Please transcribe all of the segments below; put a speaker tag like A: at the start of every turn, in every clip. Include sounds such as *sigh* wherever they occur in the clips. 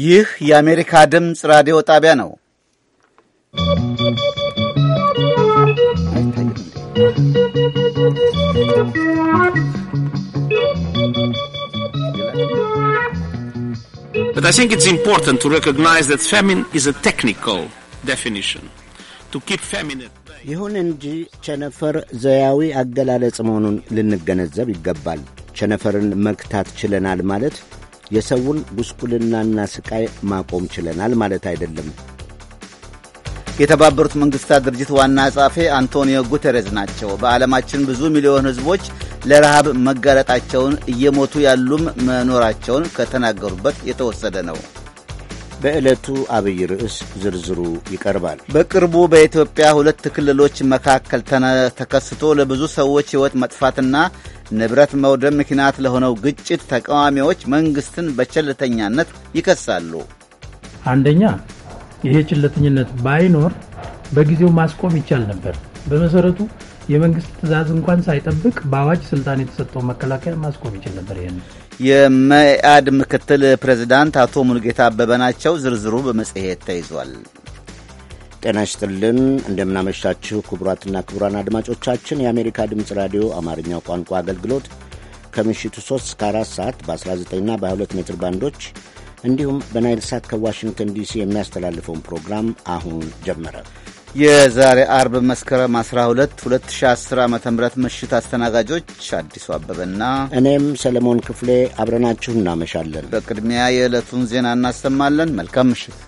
A: ይህ የአሜሪካ ድምፅ ራዲዮ ጣቢያ ነው።
B: But I
C: think it's important to recognize that famine is a technical definition. To
D: keep famine at bay. ይሁን እንጂ ቸነፈር ዘያዊ አገላለጽ መሆኑን ልንገነዘብ ይገባል። ቸነፈርን መግታት ችለናል ማለት የሰውን ጉስቁልናና ስቃይ ማቆም ችለናል ማለት አይደለም።
A: የተባበሩት መንግሥታት ድርጅት ዋና ጸሐፊ አንቶኒዮ ጉተሬዝ ናቸው። በዓለማችን ብዙ ሚሊዮን ሕዝቦች ለረሃብ መጋለጣቸውን እየሞቱ ያሉም መኖራቸውን ከተናገሩበት የተወሰደ ነው።
D: በዕለቱ አብይ ርዕስ ዝርዝሩ ይቀርባል።
A: በቅርቡ በኢትዮጵያ ሁለት ክልሎች መካከል ተከስቶ ለብዙ ሰዎች ሕይወት መጥፋትና ንብረት መውደም ምክንያት ለሆነው ግጭት ተቃዋሚዎች መንግስትን በቸልተኛነት ይከሳሉ።
E: አንደኛ ይሄ ችለተኝነት ባይኖር በጊዜው ማስቆም ይቻል ነበር። በመሰረቱ የመንግስት ትዕዛዝ እንኳን ሳይጠብቅ በአዋጅ ስልጣን የተሰጠው መከላከያ ማስቆም ይችል ነበር። ይሄ
A: የመኢአድ ምክትል ፕሬዚዳንት አቶ ሙልጌታ አበበ ናቸው። ዝርዝሩ በመጽሔት ተይዟል። ጤና ይስጥልን
D: እንደምናመሻችሁ ክቡራትና ክቡራን አድማጮቻችን የአሜሪካ ድምፅ ራዲዮ አማርኛው ቋንቋ አገልግሎት ከምሽቱ 3 እስከ 4 ሰዓት በ19ና በ22 ሜትር ባንዶች እንዲሁም በናይል ሳት ከዋሽንግተን ዲሲ የሚያስተላልፈውን ፕሮግራም አሁን ጀመረ።
A: የዛሬ አርብ መስከረም 12 2010 ዓ ም ምሽት አስተናጋጆች አዲሱ አበበና እኔም ሰለሞን ክፍሌ አብረናችሁ እናመሻለን። በቅድሚያ የዕለቱን ዜና
D: እናሰማለን። መልካም ምሽት።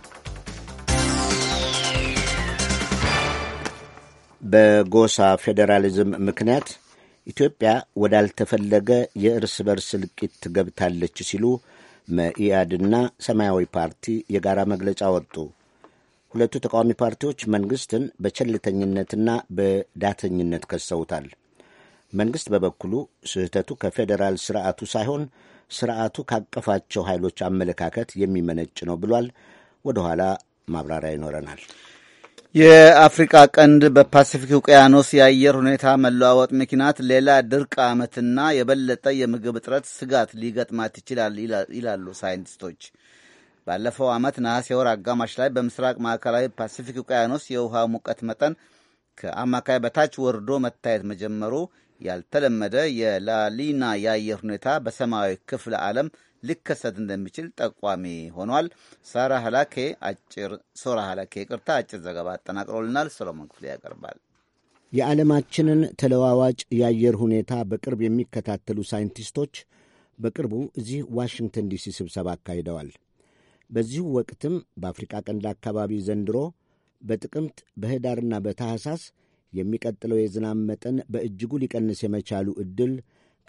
D: በጎሳ ፌዴራሊዝም ምክንያት ኢትዮጵያ ወዳልተፈለገ የእርስ በርስ እልቂት ገብታለች ሲሉ መኢአድና ሰማያዊ ፓርቲ የጋራ መግለጫ ወጡ። ሁለቱ ተቃዋሚ ፓርቲዎች መንግሥትን በቸልተኝነትና በዳተኝነት ከሰውታል። መንግሥት በበኩሉ ስህተቱ ከፌዴራል ስርዓቱ ሳይሆን ስርዓቱ ካቀፋቸው ኃይሎች አመለካከት የሚመነጭ ነው ብሏል። ወደ ኋላ ማብራሪያ ይኖረናል።
A: የአፍሪቃ ቀንድ በፓሲፊክ ውቅያኖስ የአየር ሁኔታ መለዋወጥ ምክንያት ሌላ ድርቅ ዓመትና የበለጠ የምግብ እጥረት ስጋት ሊገጥማት ይችላል ይላሉ ሳይንቲስቶች። ባለፈው ዓመት ነሐሴ ወር አጋማሽ ላይ በምስራቅ ማዕከላዊ ፓሲፊክ ውቅያኖስ የውሃ ሙቀት መጠን ከአማካይ በታች ወርዶ መታየት መጀመሩ ያልተለመደ የላሊና የአየር ሁኔታ በሰማያዊ ክፍለ ዓለም ሊከሰት እንደሚችል ጠቋሚ ሆኗል። ሳራ ሀላኬ አጭር ሶራ ሀላኬ ይቅርታ፣ አጭር ዘገባ አጠናቅሮልናል። ሰሎሞን ክፍሌ ያቀርባል።
D: የዓለማችንን ተለዋዋጭ የአየር ሁኔታ በቅርብ የሚከታተሉ ሳይንቲስቶች በቅርቡ እዚህ ዋሽንግተን ዲሲ ስብሰባ አካሂደዋል። በዚሁ ወቅትም በአፍሪቃ ቀንድ አካባቢ ዘንድሮ በጥቅምት በህዳርና በታሕሳስ የሚቀጥለው የዝናብ መጠን በእጅጉ ሊቀንስ የመቻሉ ዕድል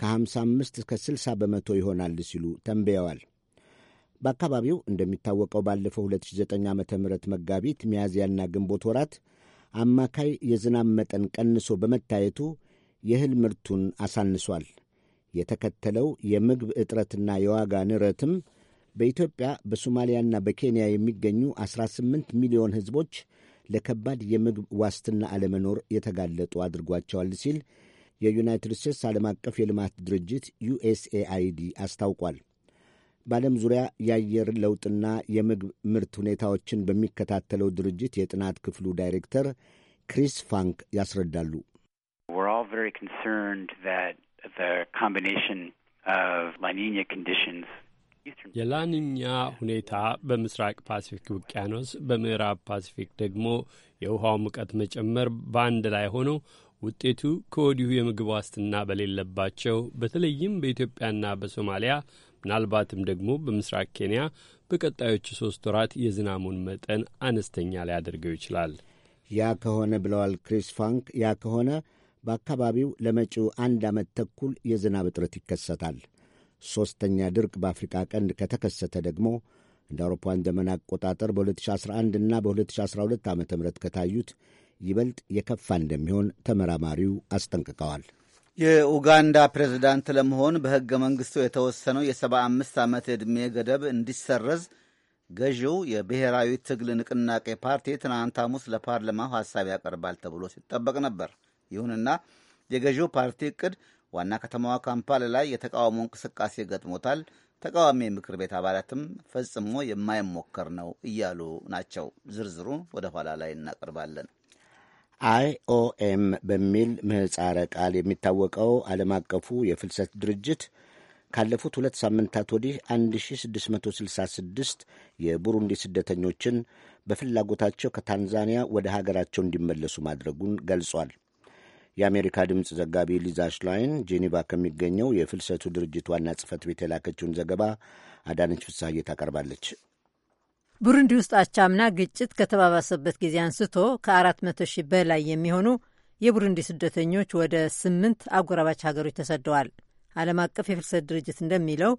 D: ከ55 እስከ 60 በመቶ ይሆናል ሲሉ ተንብየዋል። በአካባቢው እንደሚታወቀው ባለፈው 2009 ዓ ም መጋቢት ሚያዝያና ግንቦት ወራት አማካይ የዝናብ መጠን ቀንሶ በመታየቱ የእህል ምርቱን አሳንሷል። የተከተለው የምግብ እጥረትና የዋጋ ንረትም በኢትዮጵያ በሶማሊያና በኬንያ የሚገኙ 18 ሚሊዮን ሕዝቦች ለከባድ የምግብ ዋስትና አለመኖር የተጋለጡ አድርጓቸዋል ሲል የዩናይትድ ስቴትስ ዓለም አቀፍ የልማት ድርጅት ዩኤስኤአይዲ አስታውቋል። በዓለም ዙሪያ የአየር ለውጥና የምግብ ምርት ሁኔታዎችን በሚከታተለው ድርጅት የጥናት ክፍሉ ዳይሬክተር ክሪስ ፋንክ ያስረዳሉ። የላንኛ ሁኔታ
F: በምስራቅ ፓሲፊክ ውቅያኖስ፣ በምዕራብ ፓሲፊክ ደግሞ የውሃው ሙቀት መጨመር በአንድ ላይ ሆኖ ውጤቱ ከወዲሁ የምግብ ዋስትና በሌለባቸው በተለይም በኢትዮጵያና በሶማሊያ ምናልባትም ደግሞ በምስራቅ ኬንያ በቀጣዮቹ ሶስት ወራት የዝናሙን መጠን አነስተኛ ሊያደርገው ይችላል።
D: ያ ከሆነ ብለዋል ክሪስ ፋንክ፣ ያ ከሆነ በአካባቢው ለመጪው አንድ ዓመት ተኩል የዝናብ እጥረት ይከሰታል። ሦስተኛ ድርቅ በአፍሪቃ ቀንድ ከተከሰተ ደግሞ እንደ አውሮፓውያን ዘመን አቆጣጠር በ2011 እና በ2012 ዓ ም ከታዩት ይበልጥ የከፋ እንደሚሆን ተመራማሪው አስጠንቅቀዋል።
A: የኡጋንዳ ፕሬዝዳንት ለመሆን በሕገ መንግሥቱ የተወሰነው የሰባ አምስት ዓመት ዕድሜ ገደብ እንዲሰረዝ ገዢው የብሔራዊ ትግል ንቅናቄ ፓርቲ ትናንት ሐሙስ ለፓርላማው ሐሳብ ያቀርባል ተብሎ ሲጠበቅ ነበር። ይሁንና የገዢው ፓርቲ እቅድ ዋና ከተማዋ ካምፓላ ላይ የተቃውሞ እንቅስቃሴ ገጥሞታል። ተቃዋሚ የምክር ቤት አባላትም ፈጽሞ የማይሞከር ነው እያሉ ናቸው። ዝርዝሩ ወደ ኋላ ላይ እናቀርባለን።
D: አይኦኤም በሚል ምህፃረ ቃል የሚታወቀው ዓለም አቀፉ የፍልሰት ድርጅት ካለፉት ሁለት ሳምንታት ወዲህ 1666 የቡሩንዲ ስደተኞችን በፍላጎታቸው ከታንዛኒያ ወደ ሀገራቸው እንዲመለሱ ማድረጉን ገልጿል። የአሜሪካ ድምፅ ዘጋቢ ሊዛ ሽላይን ጄኔቫ ከሚገኘው የፍልሰቱ ድርጅት ዋና ጽሕፈት ቤት የላከችውን ዘገባ አዳነች ፍሳሐዬ ታቀርባለች።
G: ቡሩንዲ ውስጥ አቻምና ግጭት ከተባባሰበት ጊዜ አንስቶ ከ400 ሺህ በላይ የሚሆኑ የቡሩንዲ ስደተኞች ወደ ስምንት አጎራባች ሀገሮች ተሰደዋል። ዓለም አቀፍ የፍልሰት ድርጅት እንደሚለው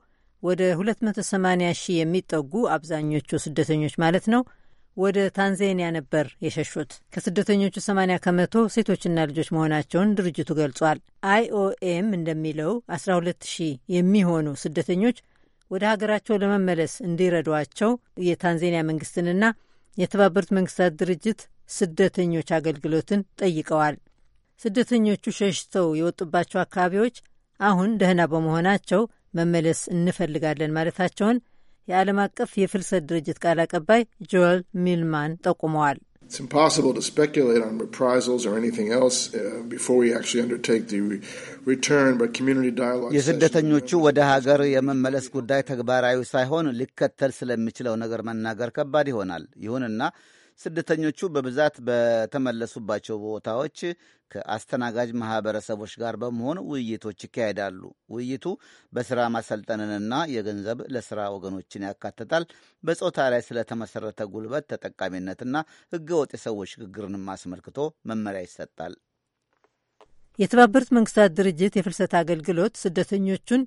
G: ወደ 280 ሺህ የሚጠጉ አብዛኞቹ ስደተኞች ማለት ነው ወደ ታንዛኒያ ነበር የሸሹት። ከስደተኞቹ 80 ከመቶ ሴቶችና ልጆች መሆናቸውን ድርጅቱ ገልጿል። አይኦኤም እንደሚለው 12 ሺህ የሚሆኑ ስደተኞች ወደ ሀገራቸው ለመመለስ እንዲረዷቸው የታንዛኒያ መንግስትንና የተባበሩት መንግስታት ድርጅት ስደተኞች አገልግሎትን ጠይቀዋል። ስደተኞቹ ሸሽተው የወጡባቸው አካባቢዎች አሁን ደህና በመሆናቸው መመለስ እንፈልጋለን ማለታቸውን የዓለም አቀፍ የፍልሰት ድርጅት ቃል አቀባይ ጆል ሚልማን ጠቁመዋል።
B: It's impossible to speculate on
H: reprisals or anything else uh, before we actually undertake the return but community dialogue የስደተኞቹ
A: ወደ ሀገር የመመለስ ጉዳይ ተግባራዊ ሳይሆን ሊከተል ስለሚችለው ነገር መናገር ከባድ ይሆናል። ይሁንና ስደተኞቹ በብዛት በተመለሱባቸው ቦታዎች ከአስተናጋጅ ማህበረሰቦች ጋር በመሆን ውይይቶች ይካሄዳሉ። ውይይቱ በስራ ማሰልጠንንና የገንዘብ ለስራ ወገኖችን ያካትታል። በጾታ ላይ ስለተመሰረተ ጉልበት ተጠቃሚነትና ህገወጥ የሰዎች ሽግግርንም አስመልክቶ መመሪያ ይሰጣል።
G: የተባበሩት መንግስታት ድርጅት የፍልሰት አገልግሎት ስደተኞቹን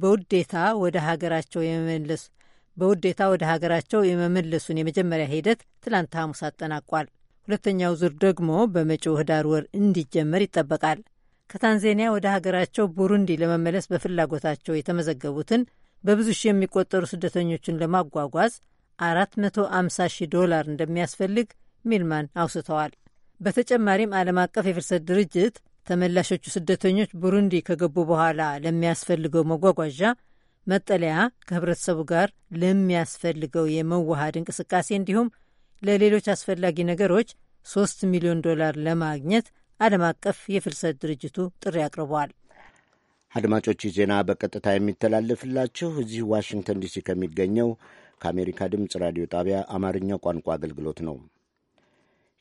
G: በውዴታ ወደ ሀገራቸው የመመለስ በውዴታ ወደ ሀገራቸው የመመለሱን የመጀመሪያ ሂደት ትላንት ሐሙስ አጠናቋል። ሁለተኛው ዙር ደግሞ በመጪው ህዳር ወር እንዲጀመር ይጠበቃል። ከታንዛኒያ ወደ ሀገራቸው ቡሩንዲ ለመመለስ በፍላጎታቸው የተመዘገቡትን በብዙ ሺህ የሚቆጠሩ ስደተኞችን ለማጓጓዝ 450 ሺህ ዶላር እንደሚያስፈልግ ሚልማን አውስተዋል። በተጨማሪም ዓለም አቀፍ የፍልሰት ድርጅት ተመላሾቹ ስደተኞች ቡሩንዲ ከገቡ በኋላ ለሚያስፈልገው መጓጓዣ መጠለያ ከህብረተሰቡ ጋር ለሚያስፈልገው የመዋሃድ እንቅስቃሴ እንዲሁም ለሌሎች አስፈላጊ ነገሮች 3 ሚሊዮን ዶላር ለማግኘት ዓለም አቀፍ የፍልሰት ድርጅቱ ጥሪ አቅርበዋል።
D: አድማጮች ዜና በቀጥታ የሚተላለፍላችሁ እዚህ ዋሽንግተን ዲሲ ከሚገኘው ከአሜሪካ ድምፅ ራዲዮ ጣቢያ አማርኛው ቋንቋ አገልግሎት ነው።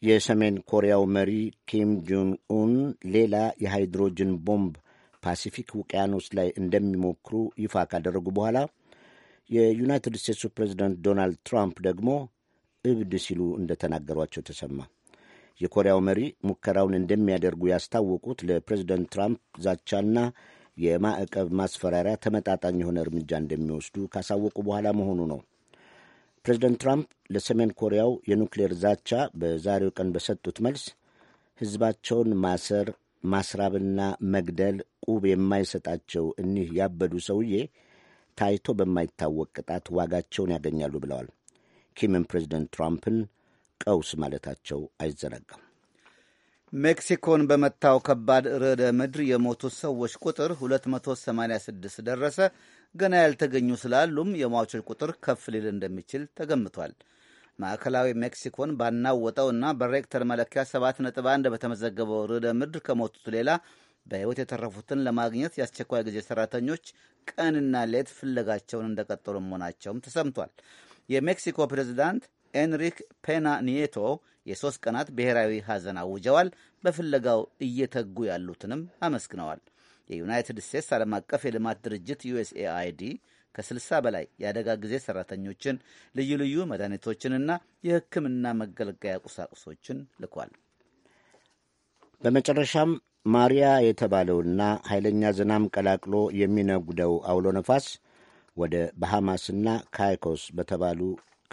D: የሰሜን ኮሪያው መሪ ኪም ጆንግ ኡን ሌላ የሃይድሮጅን ቦምብ ፓሲፊክ ውቅያኖስ ላይ እንደሚሞክሩ ይፋ ካደረጉ በኋላ የዩናይትድ ስቴትሱ ፕሬዚደንት ዶናልድ ትራምፕ ደግሞ እብድ ሲሉ እንደተናገሯቸው ተሰማ። የኮሪያው መሪ ሙከራውን እንደሚያደርጉ ያስታወቁት ለፕሬዚደንት ትራምፕ ዛቻና የማዕቀብ ማስፈራሪያ ተመጣጣኝ የሆነ እርምጃ እንደሚወስዱ ካሳወቁ በኋላ መሆኑ ነው። ፕሬዚደንት ትራምፕ ለሰሜን ኮሪያው የኑክሌር ዛቻ በዛሬው ቀን በሰጡት መልስ ሕዝባቸውን ማሰር ማስራብና መግደል ቁብ የማይሰጣቸው እኒህ ያበዱ ሰውዬ ታይቶ በማይታወቅ ቅጣት ዋጋቸውን ያገኛሉ ብለዋል። ኪምን ፕሬዚደንት ትራምፕን ቀውስ ማለታቸው አይዘነጋም።
A: ሜክሲኮን በመታው ከባድ ርዕደ ምድር የሞቱ ሰዎች ቁጥር 286 ደረሰ። ገና ያልተገኙ ስላሉም የሟቾች ቁጥር ከፍ ሊል እንደሚችል ተገምቷል። ማዕከላዊ ሜክሲኮን ባናወጠውና በሬክተር መለኪያ ነጥብ1 በተመዘገበው ርዕደ ምድር ከሞቱት ሌላ በሕይወት የተረፉትን ለማግኘት የአስቸኳይ ጊዜ ሰራተኞች ቀንና ሌት ፍለጋቸውን እንደቀጠሉ መሆናቸውም ተሰምቷል። የሜክሲኮ ፕሬዚዳንት ኤንሪክ ፔና ኒየቶ የሦስት ቀናት ብሔራዊ ሐዘን አውጀዋል። በፍለጋው እየተጉ ያሉትንም አመስግነዋል። የዩናይትድ ስቴትስ ዓለም አቀፍ የልማት ድርጅት ዩኤስኤአይዲ ከ60 በላይ የአደጋ ጊዜ ሰራተኞችን፣ ልዩ ልዩ መድኃኒቶችንና የሕክምና መገልገያ ቁሳቁሶችን ልኳል።
D: በመጨረሻም ማሪያ የተባለውና ኃይለኛ ዝናም ቀላቅሎ የሚነጉደው አውሎ ነፋስ ወደ ባሃማስና ካይኮስ በተባሉ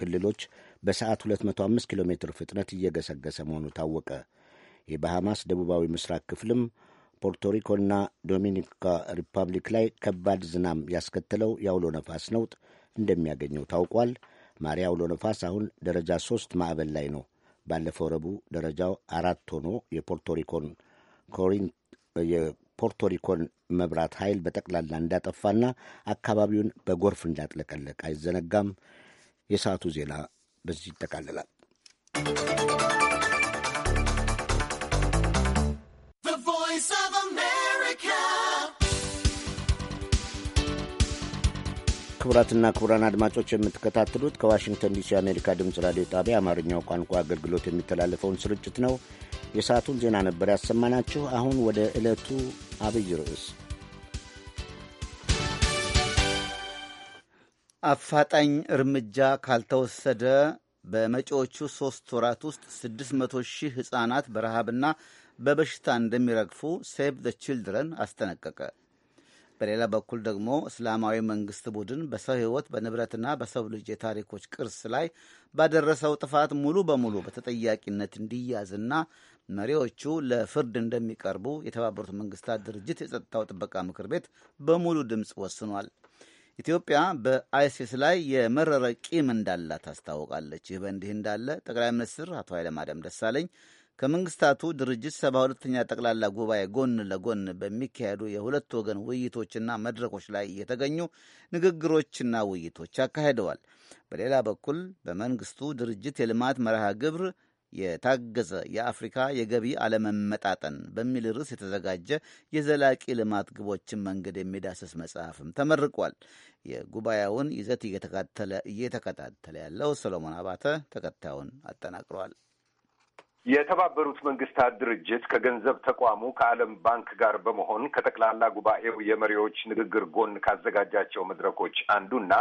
D: ክልሎች በሰዓት 205 ኪሎ ሜትር ፍጥነት እየገሰገሰ መሆኑ ታወቀ። የባሃማስ ደቡባዊ ምስራቅ ክፍልም ፖርቶሪኮና ዶሚኒካ ሪፐብሊክ ላይ ከባድ ዝናም ያስከተለው የአውሎ ነፋስ ነውጥ እንደሚያገኘው ታውቋል። ማሪያ አውሎ ነፋስ አሁን ደረጃ ሶስት ማዕበል ላይ ነው። ባለፈው ረቡዕ ደረጃው አራት ሆኖ የፖርቶሪኮን የፖርቶሪኮን መብራት ኃይል በጠቅላላ እንዳጠፋና አካባቢውን በጎርፍ እንዳጥለቀለቅ አይዘነጋም። የሰዓቱ ዜና በዚህ ይጠቃልላል። ክቡራትና ክቡራን አድማጮች የምትከታተሉት ከዋሽንግተን ዲሲ የአሜሪካ ድምፅ ራዲዮ ጣቢያ አማርኛው ቋንቋ አገልግሎት የሚተላለፈውን ስርጭት ነው። የሰዓቱን ዜና ነበር ያሰማናችሁ። አሁን ወደ ዕለቱ አብይ ርዕስ
A: አፋጣኝ እርምጃ ካልተወሰደ በመጪዎቹ ሦስት ወራት ውስጥ 600 ሺህ ሕፃናት በረሃብና በበሽታ እንደሚረግፉ ሴቭ ዘ ችልድረን አስጠነቀቀ። በሌላ በኩል ደግሞ እስላማዊ መንግስት ቡድን በሰው ህይወት በንብረትና በሰው ልጅ የታሪኮች ቅርስ ላይ ባደረሰው ጥፋት ሙሉ በሙሉ በተጠያቂነት እንዲያዝና መሪዎቹ ለፍርድ እንደሚቀርቡ የተባበሩት መንግስታት ድርጅት የጸጥታው ጥበቃ ምክር ቤት በሙሉ ድምፅ ወስኗል። ኢትዮጵያ በአይሲስ ላይ የመረረ ቂም እንዳላት ታስታውቃለች። ይህ በእንዲህ እንዳለ ጠቅላይ ሚኒስትር አቶ ኃይለማርያም ደሳለኝ ከመንግስታቱ ድርጅት ሰባ ሁለተኛ ጠቅላላ ጉባኤ ጎን ለጎን በሚካሄዱ የሁለት ወገን ውይይቶችና መድረኮች ላይ የተገኙ ንግግሮችና ውይይቶች አካሂደዋል። በሌላ በኩል በመንግስቱ ድርጅት የልማት መርሃ ግብር የታገዘ የአፍሪካ የገቢ አለመመጣጠን በሚል ርዕስ የተዘጋጀ የዘላቂ ልማት ግቦችን መንገድ የሚዳስስ መጽሐፍም ተመርቋል። የጉባኤውን ይዘት እየተከታተለ ያለው ሰሎሞን አባተ ተከታዩን አጠናቅሯል።
I: የተባበሩት መንግስታት ድርጅት ከገንዘብ ተቋሙ ከዓለም ባንክ ጋር በመሆን ከጠቅላላ ጉባኤው የመሪዎች ንግግር ጎን ካዘጋጃቸው መድረኮች አንዱና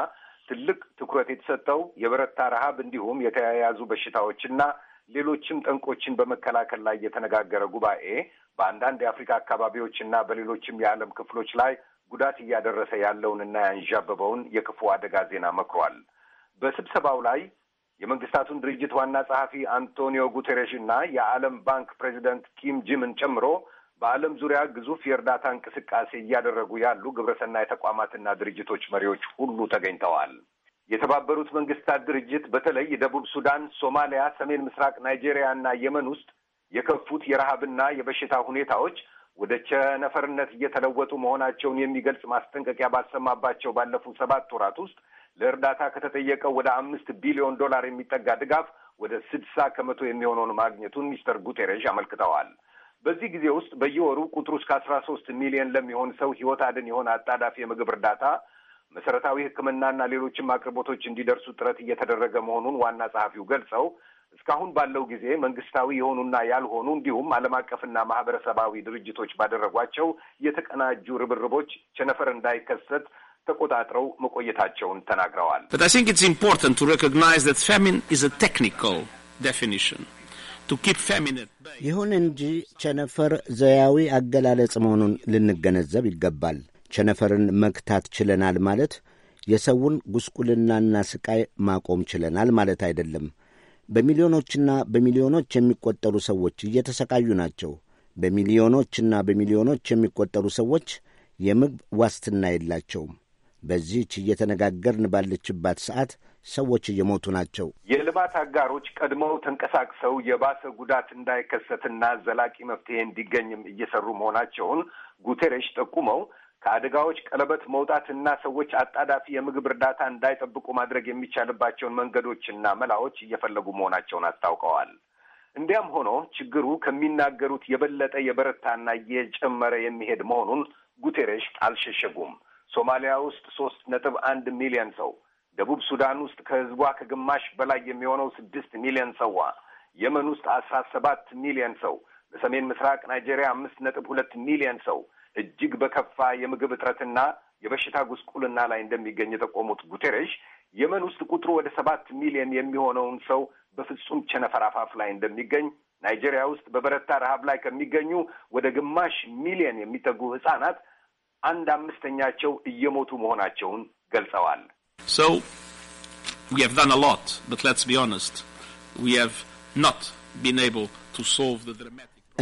I: ትልቅ ትኩረት የተሰጠው የበረታ ረሃብ እንዲሁም የተያያዙ በሽታዎችና ሌሎችም ጠንቆችን በመከላከል ላይ የተነጋገረ ጉባኤ በአንዳንድ የአፍሪካ አካባቢዎች እና በሌሎችም የዓለም ክፍሎች ላይ ጉዳት እያደረሰ ያለውንና ያንዣበበውን የክፉ አደጋ ዜና መክሯል። በስብሰባው ላይ የመንግስታቱን ድርጅት ዋና ጸሐፊ አንቶኒዮ ጉቴሬሽ እና የዓለም ባንክ ፕሬዚደንት ኪም ጂምን ጨምሮ በዓለም ዙሪያ ግዙፍ የእርዳታ እንቅስቃሴ እያደረጉ ያሉ ግብረሰናይ ተቋማትና ድርጅቶች መሪዎች ሁሉ ተገኝተዋል። የተባበሩት መንግስታት ድርጅት በተለይ ደቡብ ሱዳን፣ ሶማሊያ፣ ሰሜን ምስራቅ ናይጄሪያ እና የመን ውስጥ የከፉት የረሃብና የበሽታ ሁኔታዎች ወደ ቸነፈርነት እየተለወጡ መሆናቸውን የሚገልጽ ማስጠንቀቂያ ባሰማባቸው ባለፉት ሰባት ወራት ውስጥ ለእርዳታ ከተጠየቀው ወደ አምስት ቢሊዮን ዶላር የሚጠጋ ድጋፍ ወደ ስድሳ ከመቶ የሚሆነውን ማግኘቱን ሚስተር ጉቴሬሽ አመልክተዋል። በዚህ ጊዜ ውስጥ በየወሩ ቁጥሩ እስከ አስራ ሶስት ሚሊዮን ለሚሆን ሰው ህይወት አድን የሆነ አጣዳፊ የምግብ እርዳታ፣ መሰረታዊ ሕክምናና ሌሎችም አቅርቦቶች እንዲደርሱ ጥረት እየተደረገ መሆኑን ዋና ጸሐፊው ገልጸው እስካሁን ባለው ጊዜ መንግስታዊ የሆኑና ያልሆኑ እንዲሁም ዓለም አቀፍና ማህበረሰባዊ ድርጅቶች ባደረጓቸው የተቀናጁ ርብርቦች ቸነፈር እንዳይከሰት ተቆጣጥረው መቆየታቸውን ተናግረዋል።
D: ይሁን እንጂ ቸነፈር ዘያዊ አገላለጽ መሆኑን ልንገነዘብ ይገባል። ቸነፈርን መግታት ችለናል ማለት የሰውን ጉስቁልናና ስቃይ ማቆም ችለናል ማለት አይደለም። በሚሊዮኖችና በሚሊዮኖች የሚቆጠሩ ሰዎች እየተሰቃዩ ናቸው። በሚሊዮኖችና በሚሊዮኖች የሚቆጠሩ ሰዎች የምግብ ዋስትና የላቸውም። በዚህች እየተነጋገርን ባለችባት ሰዓት ሰዎች እየሞቱ ናቸው።
I: የልማት አጋሮች ቀድመው ተንቀሳቅሰው የባሰ ጉዳት እንዳይከሰትና ዘላቂ መፍትሄ እንዲገኝም እየሰሩ መሆናቸውን ጉቴሬሽ ጠቁመው ከአደጋዎች ቀለበት መውጣትና ሰዎች አጣዳፊ የምግብ እርዳታ እንዳይጠብቁ ማድረግ የሚቻልባቸውን መንገዶችና መላዎች እየፈለጉ መሆናቸውን አስታውቀዋል። እንዲያም ሆኖ ችግሩ ከሚናገሩት የበለጠ የበረታና እየጨመረ የሚሄድ መሆኑን ጉቴሬሽ አልሸሸጉም። ሶማሊያ ውስጥ ሶስት ነጥብ አንድ ሚሊዮን ሰው፣ ደቡብ ሱዳን ውስጥ ከህዝቧ ከግማሽ በላይ የሚሆነው ስድስት ሚሊዮን ሰዋ፣ የመን ውስጥ አስራ ሰባት ሚሊዮን ሰው፣ በሰሜን ምስራቅ ናይጄሪያ አምስት ነጥብ ሁለት ሚሊዮን ሰው እጅግ በከፋ የምግብ እጥረትና የበሽታ ጉስቁልና ላይ እንደሚገኝ የጠቆሙት ጉቴሬሽ የመን ውስጥ ቁጥሩ ወደ ሰባት ሚሊዮን የሚሆነውን ሰው በፍጹም ቸነፈር አፋፍ ላይ እንደሚገኝ ናይጄሪያ ውስጥ በበረታ ረሃብ ላይ ከሚገኙ ወደ ግማሽ ሚሊዮን የሚጠጉ ህጻናት አንድ አምስተኛቸው እየሞቱ መሆናቸውን ገልጸዋል።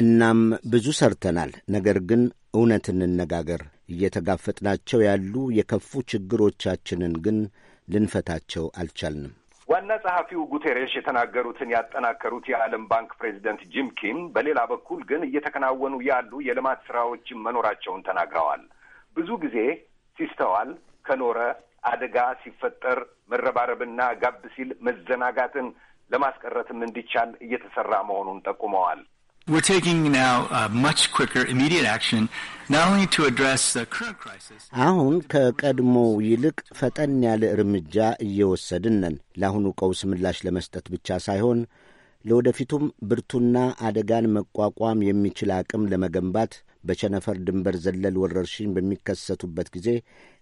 D: እናም ብዙ ሰርተናል። ነገር ግን እውነት እንነጋገር፣ እየተጋፈጥናቸው ያሉ የከፉ ችግሮቻችንን ግን ልንፈታቸው አልቻልንም። ዋና
I: ጸሐፊው ጉቴሬሽ የተናገሩትን ያጠናከሩት የዓለም ባንክ ፕሬዚደንት ጂም ኪም በሌላ በኩል ግን እየተከናወኑ ያሉ የልማት ስራዎችን መኖራቸውን ተናግረዋል። ብዙ ጊዜ ሲስተዋል ከኖረ አደጋ ሲፈጠር መረባረብና ጋብ ሲል መዘናጋትን ለማስቀረትም እንዲቻል እየተሰራ መሆኑን ጠቁመዋል።
D: አሁን ከቀድሞው ይልቅ ፈጠን ያለ እርምጃ እየወሰድን ነን። ለአሁኑ ቀውስ ምላሽ ለመስጠት ብቻ ሳይሆን ለወደፊቱም ብርቱና አደጋን መቋቋም የሚችል አቅም ለመገንባት በቸነፈር ድንበር ዘለል ወረርሽኝ በሚከሰቱበት ጊዜ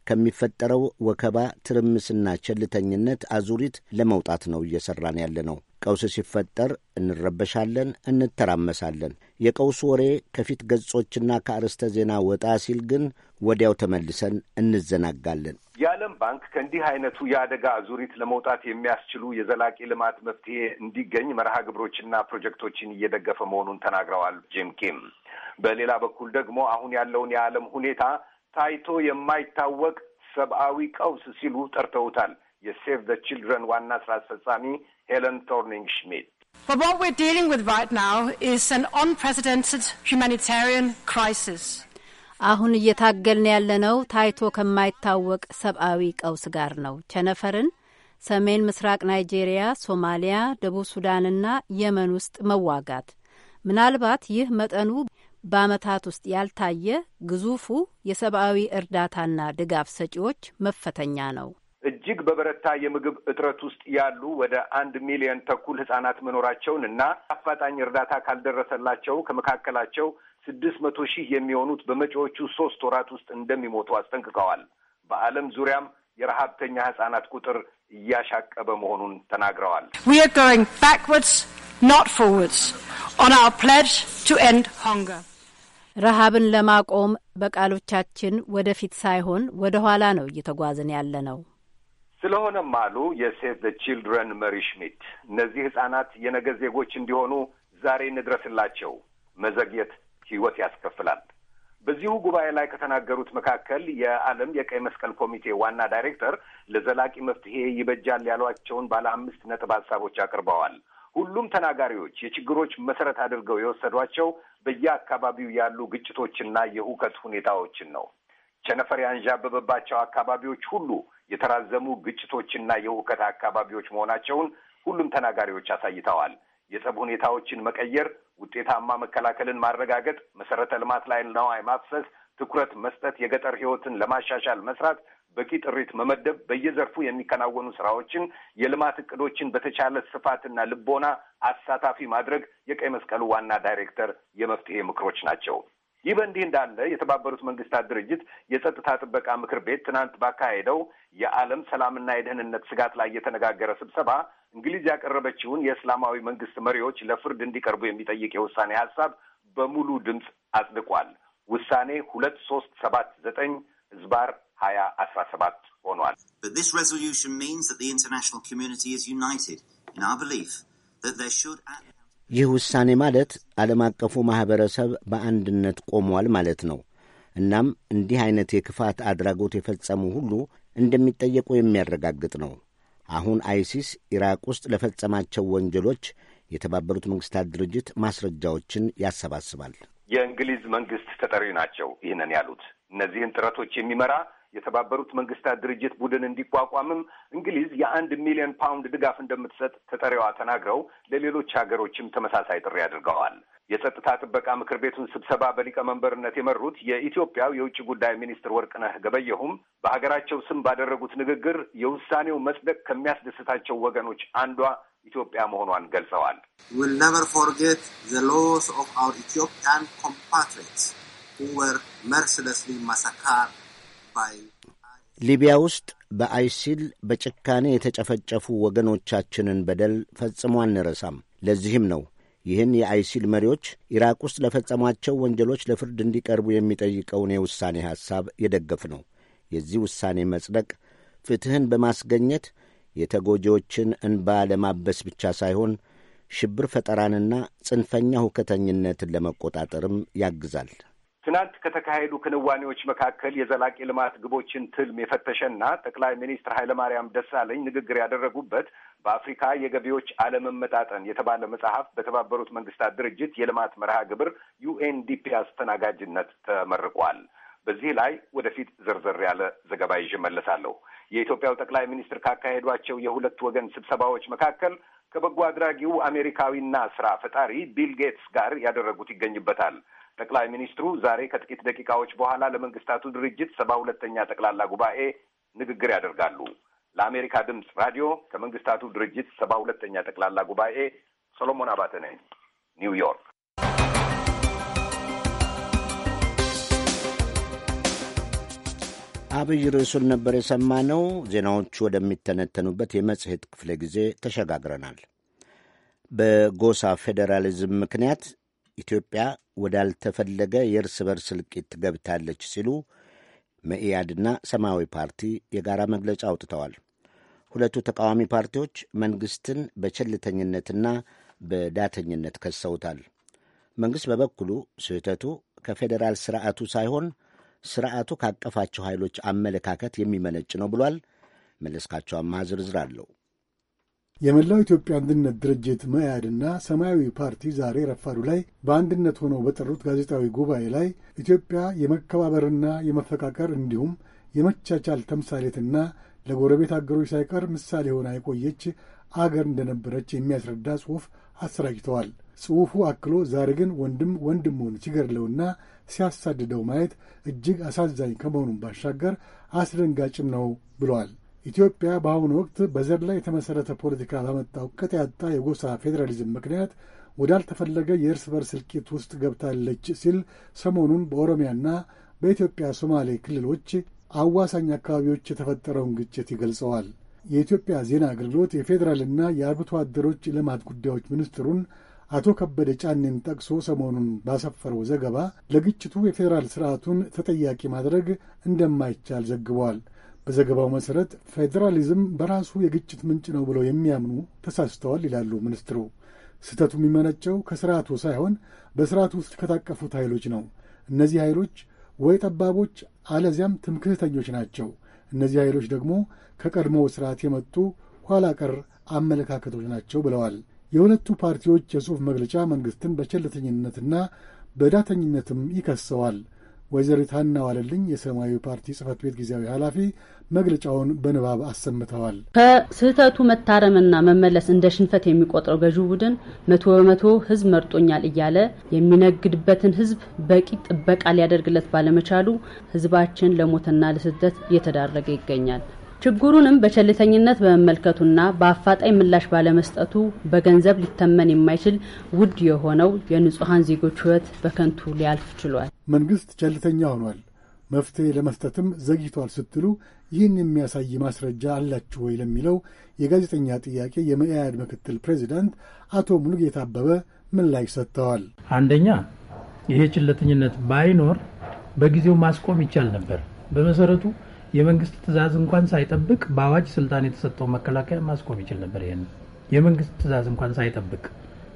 D: ከሚፈጠረው ወከባ፣ ትርምስና ቸልተኝነት አዙሪት ለመውጣት ነው እየሠራን ያለ ነው። ቀውስ ሲፈጠር እንረበሻለን፣ እንተራመሳለን። የቀውስ ወሬ ከፊት ገጾችና ከአርዕስተ ዜና ወጣ ሲል ግን ወዲያው ተመልሰን እንዘናጋለን።
I: የዓለም ባንክ ከእንዲህ አይነቱ የአደጋ አዙሪት ለመውጣት የሚያስችሉ የዘላቂ ልማት መፍትሄ እንዲገኝ መርሃ ግብሮችና ፕሮጀክቶችን እየደገፈ መሆኑን ተናግረዋል ጂም ኪም። በሌላ በኩል ደግሞ አሁን ያለውን የዓለም ሁኔታ ታይቶ የማይታወቅ ሰብአዊ ቀውስ ሲሉ ጠርተውታል የሴቭ ዘ ችልድረን ዋና ስራ አስፈጻሚ ሄለን ቶርኒንግ ሽሚት
J: አሁን እየታገልን ያለነው ታይቶ ከማይታወቅ ሰብአዊ ቀውስ ጋር ነው። ቸነፈርን ሰሜን ምስራቅ ናይጄሪያ፣ ሶማሊያ፣ ደቡብ ሱዳንና የመን ውስጥ መዋጋት ምናልባት ይህ መጠኑ በአመታት ውስጥ ያልታየ ግዙፉ የሰብአዊ እርዳታና ድጋፍ ሰጪዎች መፈተኛ ነው።
I: እጅግ በበረታ የምግብ እጥረት ውስጥ ያሉ ወደ አንድ ሚሊዮን ተኩል ህጻናት መኖራቸውን እና አፋጣኝ እርዳታ ካልደረሰላቸው ከመካከላቸው ስድስት መቶ ሺህ የሚሆኑት በመጪዎቹ ሶስት ወራት ውስጥ እንደሚሞቱ አስጠንቅቀዋል። በዓለም ዙሪያም የረሀብተኛ ህጻናት ቁጥር እያሻቀበ መሆኑን ተናግረዋል።
J: ረሃብን ለማቆም በቃሎቻችን ወደፊት ሳይሆን ወደ ኋላ ነው እየተጓዝን ያለ ነው።
I: ስለሆነም አሉ የሴቭ ዘ ቺልድረን መሪ ሽሚድ እነዚህ ህጻናት የነገ ዜጎች እንዲሆኑ ዛሬ እንድረስላቸው፣ መዘግየት ህይወት ያስከፍላል። በዚሁ ጉባኤ ላይ ከተናገሩት መካከል የዓለም የቀይ መስቀል ኮሚቴ ዋና ዳይሬክተር ለዘላቂ መፍትሄ ይበጃል ያሏቸውን ባለ አምስት ነጥብ ሀሳቦች አቅርበዋል። ሁሉም ተናጋሪዎች የችግሮች መሰረት አድርገው የወሰዷቸው በየአካባቢው ያሉ ግጭቶችና የሁከት ሁኔታዎችን ነው። ቸነፈር ያንዣበበባቸው አካባቢዎች ሁሉ የተራዘሙ ግጭቶችና የውከት አካባቢዎች መሆናቸውን ሁሉም ተናጋሪዎች አሳይተዋል። የጸብ ሁኔታዎችን መቀየር፣ ውጤታማ መከላከልን ማረጋገጥ፣ መሰረተ ልማት ላይ ነዋይ ማፍሰስ፣ ትኩረት መስጠት፣ የገጠር ህይወትን ለማሻሻል መስራት በቂ ጥሪት መመደብ፣ በየዘርፉ የሚከናወኑ ስራዎችን፣ የልማት እቅዶችን በተቻለ ስፋትና ልቦና አሳታፊ ማድረግ የቀይ መስቀሉ ዋና ዳይሬክተር የመፍትሄ ምክሮች ናቸው። ይህ በእንዲህ እንዳለ የተባበሩት መንግስታት ድርጅት የጸጥታ ጥበቃ ምክር ቤት ትናንት ባካሄደው የዓለም ሰላምና የደህንነት ስጋት ላይ የተነጋገረ ስብሰባ እንግሊዝ ያቀረበችውን የእስላማዊ መንግስት መሪዎች ለፍርድ እንዲቀርቡ የሚጠይቅ የውሳኔ ሀሳብ በሙሉ ድምፅ አጽድቋል። ውሳኔ ሁለት ሶስት ሰባት ዘጠኝ ህዝባር
A: ሀያ አስራ ሰባት ሆኗል።
D: ይህ ውሳኔ ማለት ዓለም አቀፉ ማኅበረሰብ በአንድነት ቆሟል ማለት ነው። እናም እንዲህ አይነት የክፋት አድራጎት የፈጸሙ ሁሉ እንደሚጠየቁ የሚያረጋግጥ ነው። አሁን አይሲስ ኢራቅ ውስጥ ለፈጸማቸው ወንጀሎች የተባበሩት መንግሥታት ድርጅት ማስረጃዎችን ያሰባስባል።
I: የእንግሊዝ መንግሥት ተጠሪ ናቸው ይህንን ያሉት። እነዚህን ጥረቶች የሚመራ የተባበሩት መንግስታት ድርጅት ቡድን እንዲቋቋምም እንግሊዝ የአንድ ሚሊዮን ፓውንድ ድጋፍ እንደምትሰጥ ተጠሪዋ ተናግረው ለሌሎች ሀገሮችም ተመሳሳይ ጥሪ አድርገዋል። የጸጥታ ጥበቃ ምክር ቤቱን ስብሰባ በሊቀመንበርነት የመሩት የኢትዮጵያው የውጭ ጉዳይ ሚኒስትር ወርቅነህ ገበየሁም በሀገራቸው ስም ባደረጉት ንግግር የውሳኔው መጽደቅ ከሚያስደስታቸው ወገኖች አንዷ ኢትዮጵያ መሆኗን ገልጸዋል። ኢትዮጵያን ኮምፓትሪትስ ወር መርስለስሊ ማሳካር
D: ሊቢያ ውስጥ በአይሲል በጭካኔ የተጨፈጨፉ ወገኖቻችንን በደል ፈጽሞ አንረሳም። ለዚህም ነው ይህን የአይሲል መሪዎች ኢራቅ ውስጥ ለፈጸሟቸው ወንጀሎች ለፍርድ እንዲቀርቡ የሚጠይቀውን የውሳኔ ሐሳብ የደገፍ ነው። የዚህ ውሳኔ መጽደቅ ፍትሕን በማስገኘት የተጎጂዎችን እንባ ለማበስ ብቻ ሳይሆን ሽብር ፈጠራንና ጽንፈኛ ሁከተኝነትን ለመቆጣጠርም ያግዛል።
I: ትናንት ከተካሄዱ ክንዋኔዎች መካከል የዘላቂ ልማት ግቦችን ትልም የፈተሸና ጠቅላይ ሚኒስትር ኃይለማርያም ደሳለኝ ንግግር ያደረጉበት በአፍሪካ የገቢዎች አለመመጣጠን የተባለ መጽሐፍ በተባበሩት መንግስታት ድርጅት የልማት መርሃ ግብር ዩኤንዲፒ አስተናጋጅነት ተመርቋል። በዚህ ላይ ወደፊት ዝርዝር ያለ ዘገባ ይዤ መለሳለሁ። የኢትዮጵያው ጠቅላይ ሚኒስትር ካካሄዷቸው የሁለት ወገን ስብሰባዎች መካከል ከበጎ አድራጊው አሜሪካዊና ስራ ፈጣሪ ቢል ጌትስ ጋር ያደረጉት ይገኝበታል። ጠቅላይ ሚኒስትሩ ዛሬ ከጥቂት ደቂቃዎች በኋላ ለመንግስታቱ ድርጅት ሰባ ሁለተኛ ጠቅላላ ጉባኤ ንግግር ያደርጋሉ። ለአሜሪካ ድምፅ ራዲዮ ከመንግስታቱ ድርጅት ሰባ ሁለተኛ ጠቅላላ ጉባኤ ሰሎሞን አባተ ነኝ፣ ኒውዮርክ።
D: አብይ ርዕሱን ነበር የሰማነው። ዜናዎቹ ወደሚተነተኑበት የመጽሔት ክፍለ ጊዜ ተሸጋግረናል። በጎሳ ፌዴራሊዝም ምክንያት ኢትዮጵያ ወዳልተፈለገ የእርስ በርስ እልቂት ገብታለች ሲሉ መኢያድና ሰማያዊ ፓርቲ የጋራ መግለጫ አውጥተዋል። ሁለቱ ተቃዋሚ ፓርቲዎች መንግሥትን በቸልተኝነትና በዳተኝነት ከሰውታል። መንግሥት በበኩሉ ስህተቱ ከፌዴራል ሥርዓቱ ሳይሆን ሥርዓቱ ካቀፋቸው ኃይሎች አመለካከት የሚመነጭ ነው ብሏል። መለስካቸው አማህ ዝርዝር አለው።
H: የመላው ኢትዮጵያ አንድነት ድርጅት መኢአድና ሰማያዊ ፓርቲ ዛሬ ረፋዱ ላይ በአንድነት ሆነው በጠሩት ጋዜጣዊ ጉባኤ ላይ ኢትዮጵያ የመከባበርና የመፈቃቀር እንዲሁም የመቻቻል ተምሳሌትና ለጎረቤት አገሮች ሳይቀር ምሳሌ ሆና የቆየች አገር እንደነበረች የሚያስረዳ ጽሑፍ አሰራጭተዋል። ጽሑፉ አክሎ ዛሬ ግን ወንድም ወንድሙን ሲገድለውና ሲያሳድደው ማየት እጅግ አሳዛኝ ከመሆኑም ባሻገር አስደንጋጭም ነው ብለዋል። ኢትዮጵያ በአሁኑ ወቅት በዘር ላይ የተመሠረተ ፖለቲካ ባመጣው ቅጥ ያጣ የጎሳ ፌዴራሊዝም ምክንያት ወዳልተፈለገ የእርስ በርስ እልቂት ውስጥ ገብታለች ሲል ሰሞኑን በኦሮሚያና በኢትዮጵያ ሶማሌ ክልሎች አዋሳኝ አካባቢዎች የተፈጠረውን ግጭት ይገልጸዋል። የኢትዮጵያ ዜና አገልግሎት የፌዴራልና የአርብቶ አደሮች ልማት ጉዳዮች ሚኒስትሩን አቶ ከበደ ጫኔን ጠቅሶ ሰሞኑን ባሰፈረው ዘገባ ለግጭቱ የፌዴራል ስርዓቱን ተጠያቂ ማድረግ እንደማይቻል ዘግቧል። በዘገባው መሠረት ፌዴራሊዝም በራሱ የግጭት ምንጭ ነው ብለው የሚያምኑ ተሳስተዋል ይላሉ ሚኒስትሩ። ስህተቱ የሚመነጨው ከስርዓቱ ሳይሆን በስርዓቱ ውስጥ ከታቀፉት ኃይሎች ነው። እነዚህ ኃይሎች ወይ ጠባቦች አለዚያም ትምክህተኞች ናቸው። እነዚህ ኃይሎች ደግሞ ከቀድሞው ስርዓት የመጡ ኋላ ቀር አመለካከቶች ናቸው ብለዋል። የሁለቱ ፓርቲዎች የጽሑፍ መግለጫ መንግሥትን በቸልተኝነትና በዳተኝነትም ይከሰዋል። ወይዘሪት ሀና ዋለልኝ የሰማያዊ ፓርቲ ጽህፈት ቤት ጊዜያዊ ኃላፊ መግለጫውን በንባብ አሰምተዋል።
K: ከስህተቱ መታረምና መመለስ እንደ ሽንፈት የሚቆጥረው ገዢው ቡድን መቶ በመቶ ህዝብ መርጦኛል እያለ የሚነግድበትን ህዝብ በቂ ጥበቃ ሊያደርግለት ባለመቻሉ ህዝባችን ለሞትና ለስደት እየተዳረገ ይገኛል። ችግሩንም በቸልተኝነት በመመልከቱና በአፋጣኝ ምላሽ ባለመስጠቱ በገንዘብ ሊተመን የማይችል ውድ የሆነው የንጹሐን ዜጎች ህይወት በከንቱ
H: ሊያልፍ ችሏል። መንግሥት ቸልተኛ ሆኗል፣ መፍትሔ ለመስጠትም ዘግይቷል ስትሉ ይህን የሚያሳይ ማስረጃ አላችሁ ወይ ለሚለው የጋዜጠኛ ጥያቄ የመኢአድ ምክትል ፕሬዚዳንት አቶ ሙሉጌታ አበበ ምላሽ ሰጥተዋል።
E: አንደኛ ይሄ ችለተኝነት ባይኖር በጊዜው ማስቆም ይቻል ነበር። በመሰረቱ የመንግስት ትእዛዝ እንኳን ሳይጠብቅ በአዋጅ ስልጣን የተሰጠው መከላከያ ማስቆም ይችል ነበር። ይሄን የመንግስት ትእዛዝ እንኳን ሳይጠብቅ፣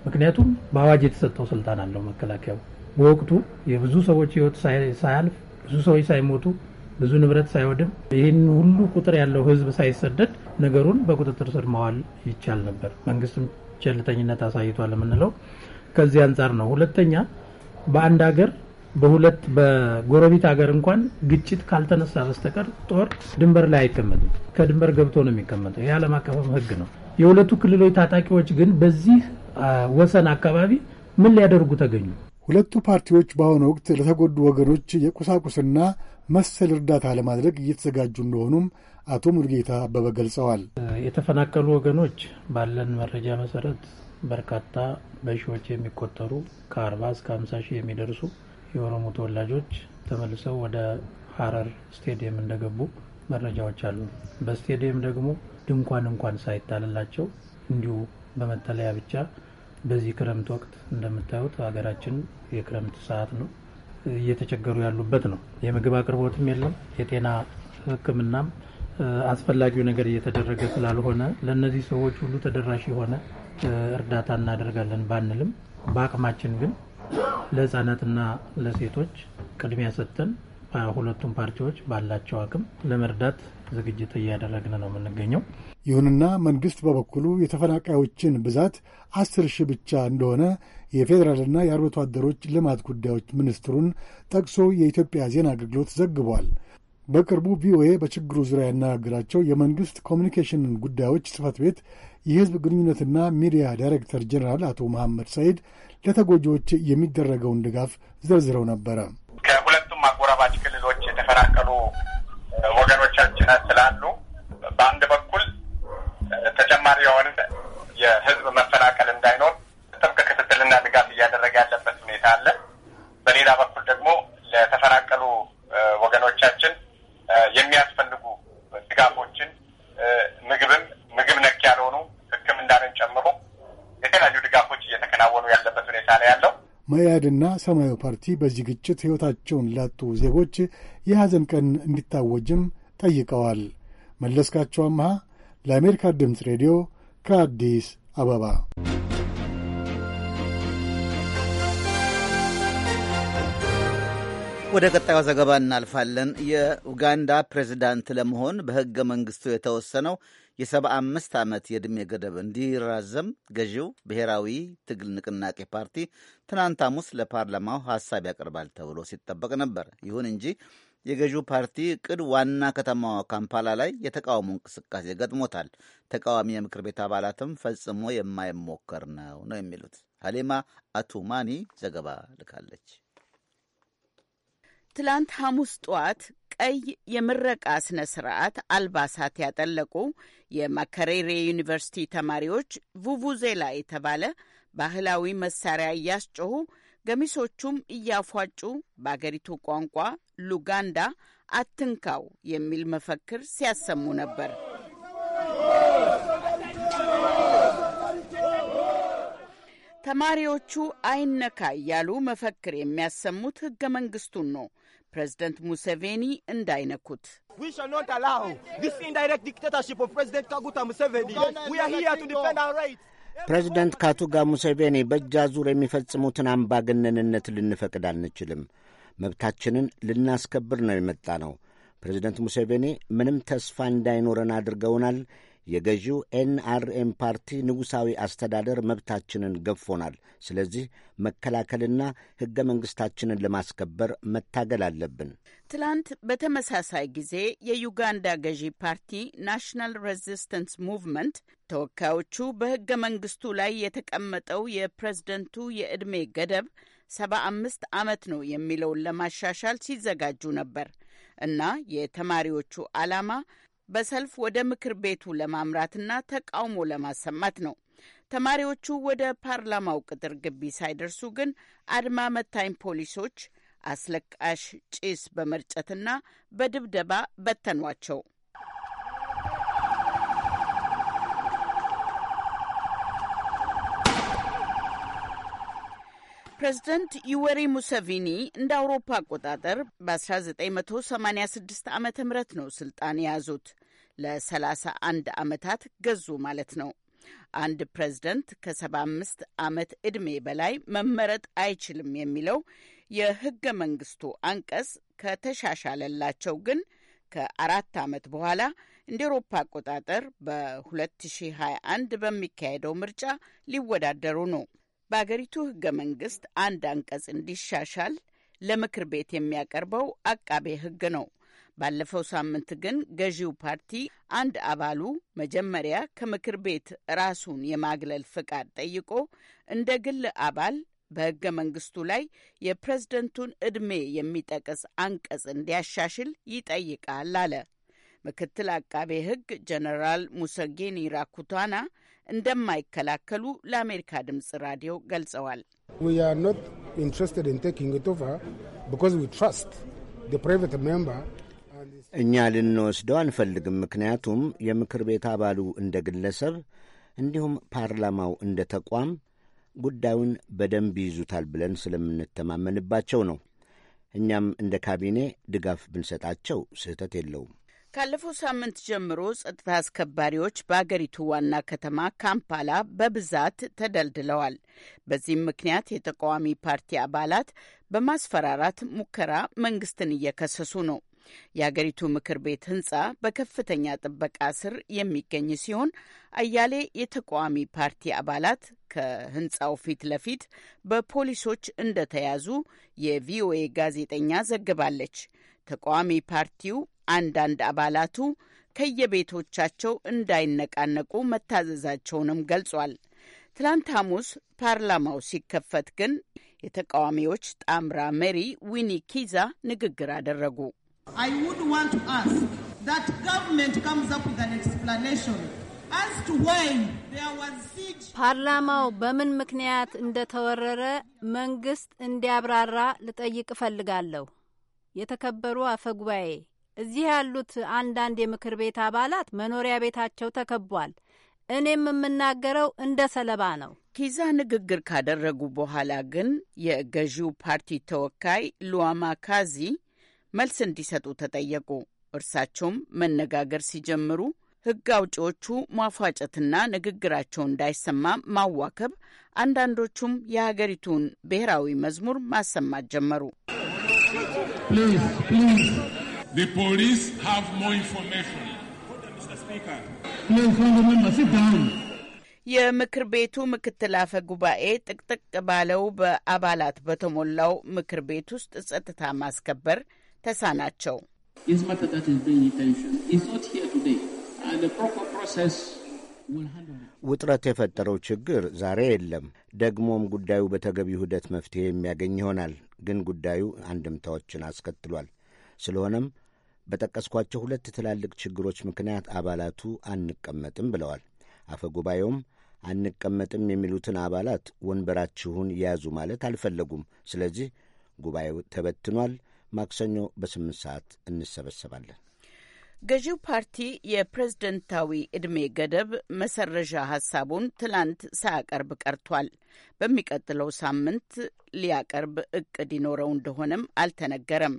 E: ምክንያቱም በአዋጅ የተሰጠው ስልጣን አለው መከላከያው በወቅቱ የብዙ ሰዎች ህይወት ሳያልፍ ብዙ ሰዎች ሳይሞቱ ብዙ ንብረት ሳይወድም ይህን ሁሉ ቁጥር ያለው ህዝብ ሳይሰደድ ነገሩን በቁጥጥር ስር መዋል ይቻል ነበር። መንግስትም ቸልተኝነት አሳይቷል የምንለው ከዚህ አንጻር ነው። ሁለተኛ በአንድ ሀገር በሁለት በጎረቤት ሀገር እንኳን ግጭት ካልተነሳ በስተቀር ጦር ድንበር ላይ አይቀመጥም። ከድንበር ገብቶ ነው የሚቀመጠው። ይህ ዓለም አቀፍም ህግ ነው። የሁለቱ ክልሎች ታጣቂዎች ግን በዚህ ወሰን አካባቢ ምን ሊያደርጉ ተገኙ?
H: ሁለቱ ፓርቲዎች በአሁኑ ወቅት ለተጎዱ ወገኖች የቁሳቁስና መሰል እርዳታ ለማድረግ እየተዘጋጁ እንደሆኑም አቶ ሙሉጌታ አበበ ገልጸዋል።
E: የተፈናቀሉ ወገኖች ባለን መረጃ መሰረት በርካታ በሺዎች የሚቆጠሩ ከ እስከ 50 ሺህ የሚደርሱ የኦሮሞ ተወላጆች ተመልሰው ወደ ሀረር ስቴዲየም እንደገቡ መረጃዎች አሉ። በስቴዲየም ደግሞ ድንኳን እንኳን ሳይታልላቸው እንዲሁ በመጠለያ ብቻ በዚህ ክረምት ወቅት እንደምታዩት ሀገራችን የክረምት ሰዓት ነው፣ እየተቸገሩ ያሉበት ነው። የምግብ አቅርቦትም የለም፣ የጤና ሕክምናም አስፈላጊው ነገር እየተደረገ ስላልሆነ ለእነዚህ ሰዎች ሁሉ ተደራሽ የሆነ እርዳታ እናደርጋለን ባንልም በአቅማችን ግን ለህጻናትና ለሴቶች ቅድሚያ ሰጥተን ሁለቱም ፓርቲዎች ባላቸው አቅም ለመርዳት ዝግጅት እያደረግን ነው የምንገኘው።
H: ይሁንና መንግሥት በበኩሉ የተፈናቃዮችን ብዛት አስር ሺህ ብቻ እንደሆነ የፌዴራልና የአርብቶ አደሮች ልማት ጉዳዮች ሚኒስትሩን ጠቅሶ የኢትዮጵያ ዜና አገልግሎት ዘግቧል። በቅርቡ ቪኦኤ በችግሩ ዙሪያ ያነጋግራቸው የመንግሥት ኮሚኒኬሽን ጉዳዮች ጽህፈት ቤት የሕዝብ ግንኙነትና ሚዲያ ዳይሬክተር ጀኔራል አቶ መሐመድ ሰይድ ለተጎጂዎች የሚደረገውን ድጋፍ ዘርዝረው ነበረ። ከሁለቱም አጎራባች ክልሎች የተፈናቀሉ
I: ወገኖቻችን ስላሉ በአንድ በኩል ተጨማሪ የሆነ የህዝብ መፈናቀል እንዳይኖር ጥብቅ ክትትልና ድጋፍ እያደረገ ያለበት ሁኔታ አለ። በሌላ በኩል ደግሞ ለተፈናቀሉ ወገኖቻችን የሚያስፈልጉ ድጋፎችን ምግብም ምግብ ነክ ያልሆኑ
H: ሕክምናን ጨምሮ የተለያዩ ድጋፎች እየተከናወኑ ያለበት ሁኔታ ነው ያለው። መያድና ሰማያዊ ፓርቲ በዚህ ግጭት ህይወታቸውን ላጡ ዜጎች የሐዘን ቀን እንዲታወጅም ጠይቀዋል። መለስካቸው አምሃ ለአሜሪካ ድምፅ ሬዲዮ ከአዲስ አበባ
A: ወደ ቀጣዩ ዘገባ እናልፋለን። የኡጋንዳ ፕሬዚዳንት ለመሆን በሕገ መንግሥቱ የተወሰነው የሰባ አምስት ዓመት የዕድሜ ገደብ እንዲራዘም ገዢው ብሔራዊ ትግል ንቅናቄ ፓርቲ ትናንት ሐሙስ ለፓርላማው ሐሳብ ያቀርባል ተብሎ ሲጠበቅ ነበር። ይሁን እንጂ የገዢው ፓርቲ እቅድ ዋና ከተማዋ ካምፓላ ላይ የተቃውሞ እንቅስቃሴ ገጥሞታል። ተቃዋሚ የምክር ቤት አባላትም ፈጽሞ የማይሞከር ነው ነው የሚሉት። ሀሊማ አቱማኒ ዘገባ ልካለች።
L: ትላንት ሐሙስ ጠዋት ቀይ የምረቃ ስነ ስርዓት አልባሳት ያጠለቁ የማከሬሬ ዩኒቨርሲቲ ተማሪዎች ቡቡዜላ የተባለ ባህላዊ መሳሪያ እያስጮሁ ገሚሶቹም እያፏጩ በአገሪቱ ቋንቋ ሉጋንዳ አትንካው የሚል መፈክር ሲያሰሙ ነበር። ተማሪዎቹ አይነካ እያሉ መፈክር የሚያሰሙት ህገ መንግስቱን ነው። ፕሬዝደንት ሙሴቬኒ እንዳይነኩት
D: ፕሬዚደንት ካቱጋ ሙሴቬኒ በእጃ ዙር የሚፈጽሙትን አምባገነንነት ልንፈቅድ አንችልም። መብታችንን ልናስከብር ነው የመጣ ነው። ፕሬዚደንት ሙሴቬኒ ምንም ተስፋ እንዳይኖረን አድርገውናል። የገዢው ኤንአርኤም ፓርቲ ንጉሣዊ አስተዳደር መብታችንን ገፎናል። ስለዚህ መከላከልና ሕገ መንግሥታችንን ለማስከበር መታገል አለብን።
L: ትላንት በተመሳሳይ ጊዜ የዩጋንዳ ገዢ ፓርቲ ናሽናል ሬዚስተንስ ሙቭመንት ተወካዮቹ በሕገ መንግሥቱ ላይ የተቀመጠው የፕሬዝደንቱ የዕድሜ ገደብ ሰባ አምስት ዓመት ነው የሚለውን ለማሻሻል ሲዘጋጁ ነበር እና የተማሪዎቹ ዓላማ በሰልፍ ወደ ምክር ቤቱ ለማምራትና ተቃውሞ ለማሰማት ነው። ተማሪዎቹ ወደ ፓርላማው ቅጥር ግቢ ሳይደርሱ ግን አድማ መታኝ ፖሊሶች አስለቃሽ ጭስ በመርጨትና በድብደባ በተኗቸው። ፕሬዝደንት ዩወሪ ሙሰቪኒ እንደ አውሮፓ አቆጣጠር በ1986 ዓ ም ነው ስልጣን የያዙት። ለ31 ዓመታት ገዙ ማለት ነው። አንድ ፕሬዝደንት ከ75 ዓመት ዕድሜ በላይ መመረጥ አይችልም የሚለው የህገ መንግስቱ አንቀጽ ከተሻሻለላቸው ግን ከአራት ዓመት በኋላ እንደ ኤሮፓ አቆጣጠር በ2021 በሚካሄደው ምርጫ ሊወዳደሩ ነው። በአገሪቱ ህገ መንግስት አንድ አንቀጽ እንዲሻሻል ለምክር ቤት የሚያቀርበው አቃቤ ህግ ነው። ባለፈው ሳምንት ግን ገዢው ፓርቲ አንድ አባሉ መጀመሪያ ከምክር ቤት ራሱን የማግለል ፍቃድ ጠይቆ እንደ ግል አባል በህገ መንግስቱ ላይ የፕሬዝደንቱን ዕድሜ የሚጠቅስ አንቀጽ እንዲያሻሽል ይጠይቃል አለ። ምክትል አቃቤ ህግ ጀነራል ሙሰጌኒ ራኩታና እንደማይከላከሉ ለአሜሪካ ድምፅ ራዲዮ ገልጸዋል።
D: እኛ ልንወስደው አንፈልግም። ምክንያቱም የምክር ቤት አባሉ እንደ ግለሰብ እንዲሁም ፓርላማው እንደ ተቋም ጉዳዩን በደንብ ይዙታል ብለን ስለምንተማመንባቸው ነው። እኛም እንደ ካቢኔ ድጋፍ ብንሰጣቸው ስህተት የለውም።
L: ካለፈው ሳምንት ጀምሮ ጸጥታ አስከባሪዎች በአገሪቱ ዋና ከተማ ካምፓላ በብዛት ተደልድለዋል። በዚህም ምክንያት የተቃዋሚ ፓርቲ አባላት በማስፈራራት ሙከራ መንግስትን እየከሰሱ ነው። የአገሪቱ ምክር ቤት ህንጻ በከፍተኛ ጥበቃ ስር የሚገኝ ሲሆን አያሌ የተቃዋሚ ፓርቲ አባላት ከህንጻው ፊት ለፊት በፖሊሶች እንደተያዙ የቪኦኤ ጋዜጠኛ ዘግባለች። ተቃዋሚ ፓርቲው አንዳንድ አባላቱ ከየቤቶቻቸው እንዳይነቃነቁ መታዘዛቸውንም ገልጿል። ትላንት ሐሙስ ፓርላማው ሲከፈት ግን የተቃዋሚዎች ጣምራ መሪ ዊኒ ኪዛ ንግግር አደረጉ።
J: ፓርላማው በምን ምክንያት እንደተወረረ መንግስት እንዲያብራራ ልጠይቅ እፈልጋለሁ። የተከበሩ አፈጉባኤ እዚህ ያሉት አንዳንድ የምክር ቤት አባላት መኖሪያ ቤታቸው ተከቧል። እኔም የምናገረው እንደ ሰለባ ነው።
L: ኪዛ ንግግር ካደረጉ በኋላ ግን የገዢው ፓርቲ ተወካይ ሉዋማ ካዚ መልስ እንዲሰጡ ተጠየቁ። እርሳቸውም መነጋገር ሲጀምሩ ሕግ አውጪዎቹ ማፏጨትና ንግግራቸው እንዳይሰማ ማዋከብ፣ አንዳንዶቹም የሀገሪቱን ብሔራዊ መዝሙር ማሰማት ጀመሩ።
D: The police have more
L: information. የምክር ቤቱ ምክትል አፈ ጉባኤ ጥቅጥቅ ባለው በአባላት በተሞላው ምክር ቤት ውስጥ ጸጥታ ማስከበር ተሳናቸው። uh,
D: ውጥረት የፈጠረው ችግር ዛሬ የለም። ደግሞም ጉዳዩ በተገቢ ሂደት መፍትሄ የሚያገኝ ይሆናል። ግን ጉዳዩ አንድምታዎችን አስከትሏል። ስለሆነም በጠቀስኳቸው ሁለት ትላልቅ ችግሮች ምክንያት አባላቱ አንቀመጥም ብለዋል። አፈ ጉባኤውም አንቀመጥም የሚሉትን አባላት ወንበራችሁን ያዙ ማለት አልፈለጉም። ስለዚህ ጉባኤው ተበትኗል። ማክሰኞ በስምንት ሰዓት እንሰበሰባለን።
L: ገዢው ፓርቲ የፕሬዝደንታዊ ዕድሜ ገደብ መሰረዣ ሀሳቡን ትላንት ሳያቀርብ ቀርቷል። በሚቀጥለው ሳምንት ሊያቀርብ እቅድ ይኖረው እንደሆነም አልተነገረም።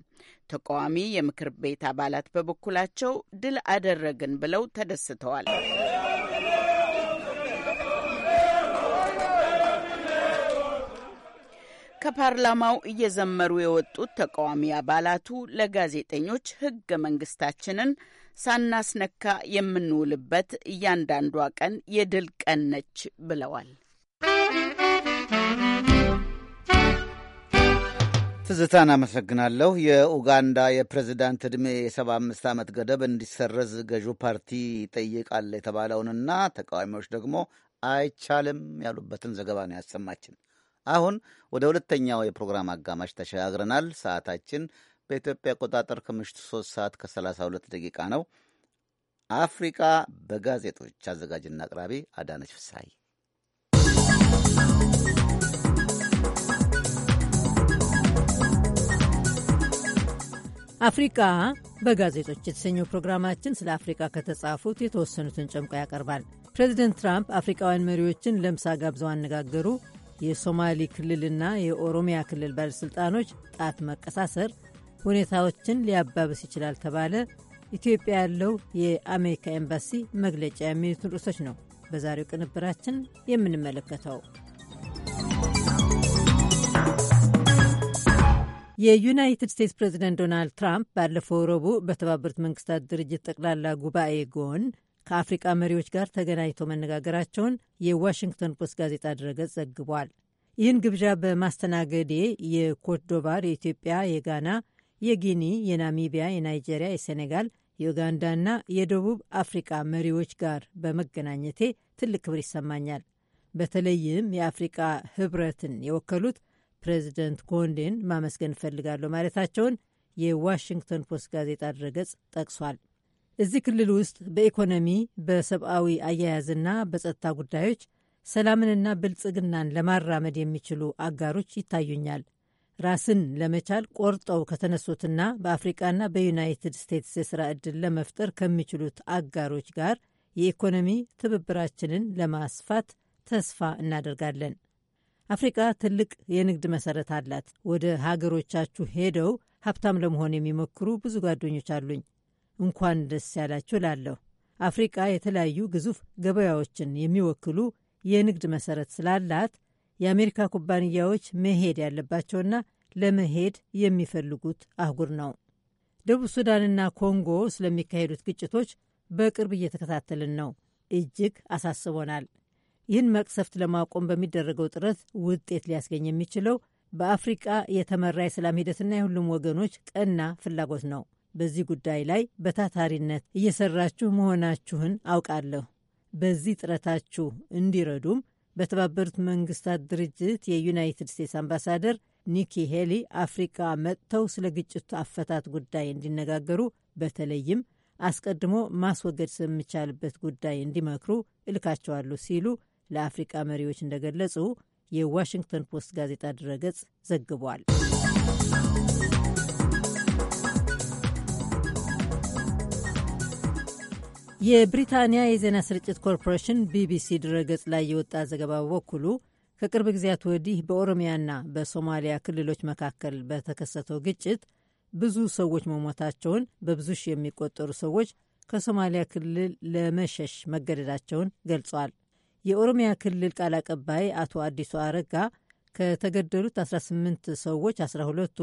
L: ተቃዋሚ የምክር ቤት አባላት በበኩላቸው ድል አደረግን ብለው ተደስተዋል። ከፓርላማው እየዘመሩ የወጡት ተቃዋሚ አባላቱ ለጋዜጠኞች ህገ መንግስታችንን ሳናስነካ የምንውልበት እያንዳንዷ ቀን የድል ቀን ነች
A: ብለዋል። ትዝታን አመሰግናለሁ። የኡጋንዳ የፕሬዚዳንት ዕድሜ የሰባ አምስት ዓመት ገደብ እንዲሰረዝ ገዢው ፓርቲ ይጠይቃል የተባለውንና ተቃዋሚዎች ደግሞ አይቻልም ያሉበትን ዘገባ ነው ያሰማችን። አሁን ወደ ሁለተኛው የፕሮግራም አጋማሽ ተሸጋግረናል። ሰዓታችን በኢትዮጵያ አቆጣጠር ከምሽቱ 3 ሰዓት ከ32 ደቂቃ ነው። አፍሪካ በጋዜጦች አዘጋጅና አቅራቢ አዳነች ፍሳይ።
G: አፍሪካ በጋዜጦች የተሰኘው ፕሮግራማችን ስለ አፍሪካ ከተጻፉት የተወሰኑትን ጨምቆ ያቀርባል። ፕሬዚደንት ትራምፕ አፍሪካውያን መሪዎችን ለምሳ ጋብዘው አነጋገሩ። የሶማሌ ክልልና የኦሮሚያ ክልል ባለሥልጣኖች ጣት መቀሳሰር ሁኔታዎችን ሊያባብስ ይችላል ተባለ፣ ኢትዮጵያ ያለው የአሜሪካ ኤምባሲ መግለጫ የሚሉትን ርዕሶች ነው በዛሬው ቅንብራችን የምንመለከተው። የዩናይትድ ስቴትስ ፕሬዚደንት ዶናልድ ትራምፕ ባለፈው ረቡዕ በተባበሩት መንግስታት ድርጅት ጠቅላላ ጉባኤ ጎን ከአፍሪቃ መሪዎች ጋር ተገናኝቶ መነጋገራቸውን የዋሽንግተን ፖስት ጋዜጣ ድረገጽ ዘግቧል። ይህን ግብዣ በማስተናገዴ የኮርዶባር፣ የኢትዮጵያ፣ የጋና፣ የጊኒ፣ የናሚቢያ፣ የናይጄሪያ፣ የሴኔጋል፣ የኡጋንዳና የደቡብ አፍሪቃ መሪዎች ጋር በመገናኘቴ ትልቅ ክብር ይሰማኛል። በተለይም የአፍሪቃ ህብረትን የወከሉት ፕሬዚደንት ኮንዴን ማመስገን እፈልጋለሁ ማለታቸውን የዋሽንግተን ፖስት ጋዜጣ ድረገጽ ጠቅሷል። እዚህ ክልል ውስጥ በኢኮኖሚ በሰብአዊ አያያዝና በጸጥታ ጉዳዮች ሰላምንና ብልጽግናን ለማራመድ የሚችሉ አጋሮች ይታዩኛል። ራስን ለመቻል ቆርጠው ከተነሱትና በአፍሪቃና በዩናይትድ ስቴትስ የሥራ ዕድል ለመፍጠር ከሚችሉት አጋሮች ጋር የኢኮኖሚ ትብብራችንን ለማስፋት ተስፋ እናደርጋለን። አፍሪቃ ትልቅ የንግድ መሠረት አላት። ወደ ሀገሮቻችሁ ሄደው ሀብታም ለመሆን የሚሞክሩ ብዙ ጓደኞች አሉኝ። እንኳን ደስ ያላችሁ ላለሁ። አፍሪቃ የተለያዩ ግዙፍ ገበያዎችን የሚወክሉ የንግድ መሰረት ስላላት የአሜሪካ ኩባንያዎች መሄድ ያለባቸውና ለመሄድ የሚፈልጉት አህጉር ነው። ደቡብ ሱዳንና ኮንጎ ስለሚካሄዱት ግጭቶች በቅርብ እየተከታተልን ነው። እጅግ አሳስቦናል። ይህን መቅሰፍት ለማቆም በሚደረገው ጥረት ውጤት ሊያስገኝ የሚችለው በአፍሪቃ የተመራ የሰላም ሂደትና የሁሉም ወገኖች ቀና ፍላጎት ነው። በዚህ ጉዳይ ላይ በታታሪነት እየሰራችሁ መሆናችሁን አውቃለሁ። በዚህ ጥረታችሁ እንዲረዱም በተባበሩት መንግስታት ድርጅት የዩናይትድ ስቴትስ አምባሳደር ኒኪ ሄሊ አፍሪካ መጥተው ስለ ግጭቱ አፈታት ጉዳይ እንዲነጋገሩ በተለይም አስቀድሞ ማስወገድ ስለሚቻልበት ጉዳይ እንዲመክሩ እልካቸዋለሁ ሲሉ ለአፍሪቃ መሪዎች እንደገለጹ የዋሽንግተን ፖስት ጋዜጣ ድረገጽ ዘግቧል። የብሪታንያ የዜና ስርጭት ኮርፖሬሽን ቢቢሲ ድረገጽ ላይ የወጣ ዘገባ በበኩሉ ከቅርብ ጊዜያት ወዲህ በኦሮሚያና በሶማሊያ ክልሎች መካከል በተከሰተው ግጭት ብዙ ሰዎች መሞታቸውን፣ በብዙ ሺህ የሚቆጠሩ ሰዎች ከሶማሊያ ክልል ለመሸሽ መገደዳቸውን ገልጿል። የኦሮሚያ ክልል ቃል አቀባይ አቶ አዲሱ አረጋ ከተገደሉት 18 ሰዎች 12ቱ